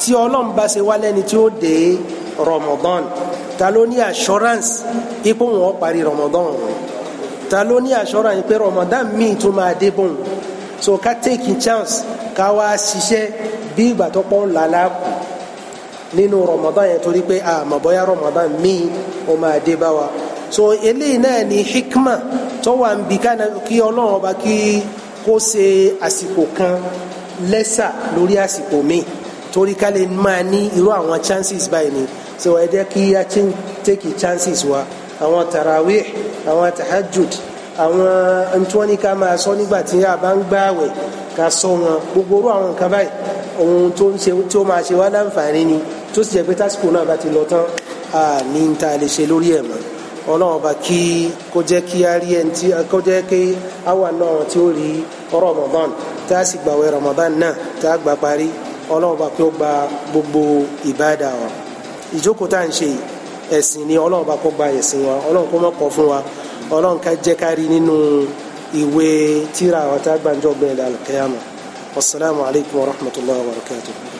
tí ọlọ́run bá ṣe wá lẹ́ni tí ó dé Ramadan ta ló ní assurance ipò wọn parí Ramadan ta ló ní assurance pé Ramadan míì tún máa dé bòun so ká take chance ká wá ṣiṣẹ́ bí ìgbà tó pọ̀ ńlá láàkú nínú Ramadan yẹn torí pé àmọ́ bóyá Ramadan míì ó máa dé bá wa so eléyìí náà ni hikma tó wà ń bi kí ọlọ́run ọba kí kó ṣe àsìkò kan lẹ́sà lórí àsìkò míì torí ká lè máa ní irú àwọn chances báyìí ni so ẹ jẹ́ kí a take chances wa àwọn tarawih àwọn tahajjud àwọn ntúwọ́ni ká máa sọ nígbà tí a bá ń gbààwẹ̀ ká sọ wọn gbogbo orú àwọn nǹkan báyìí ohun tó ń ṣe tí ó máa ṣe wá láǹfààní ni tó sì jẹ́ pé tásìkò náà bá ti lọ tán a ní ta lè ṣe lórí ẹ̀ mọ́. ọlọ́run bá kí kó jẹ́ kí a rí ẹni tí kó jẹ́ kí a náà tí ó rí Ramadan tá a sì gbàwẹ̀ Ramadan náà tá a gbà parí kí ó gba gbogbo ìbáàdà wa ìjókòó tá à ń ṣe ni ọlọ́run kó gba ẹ̀sìn wa ọlọ́run kó wa ọlọ́run ká jẹ́ nínú ìwé tíra a gbẹ̀yìn wa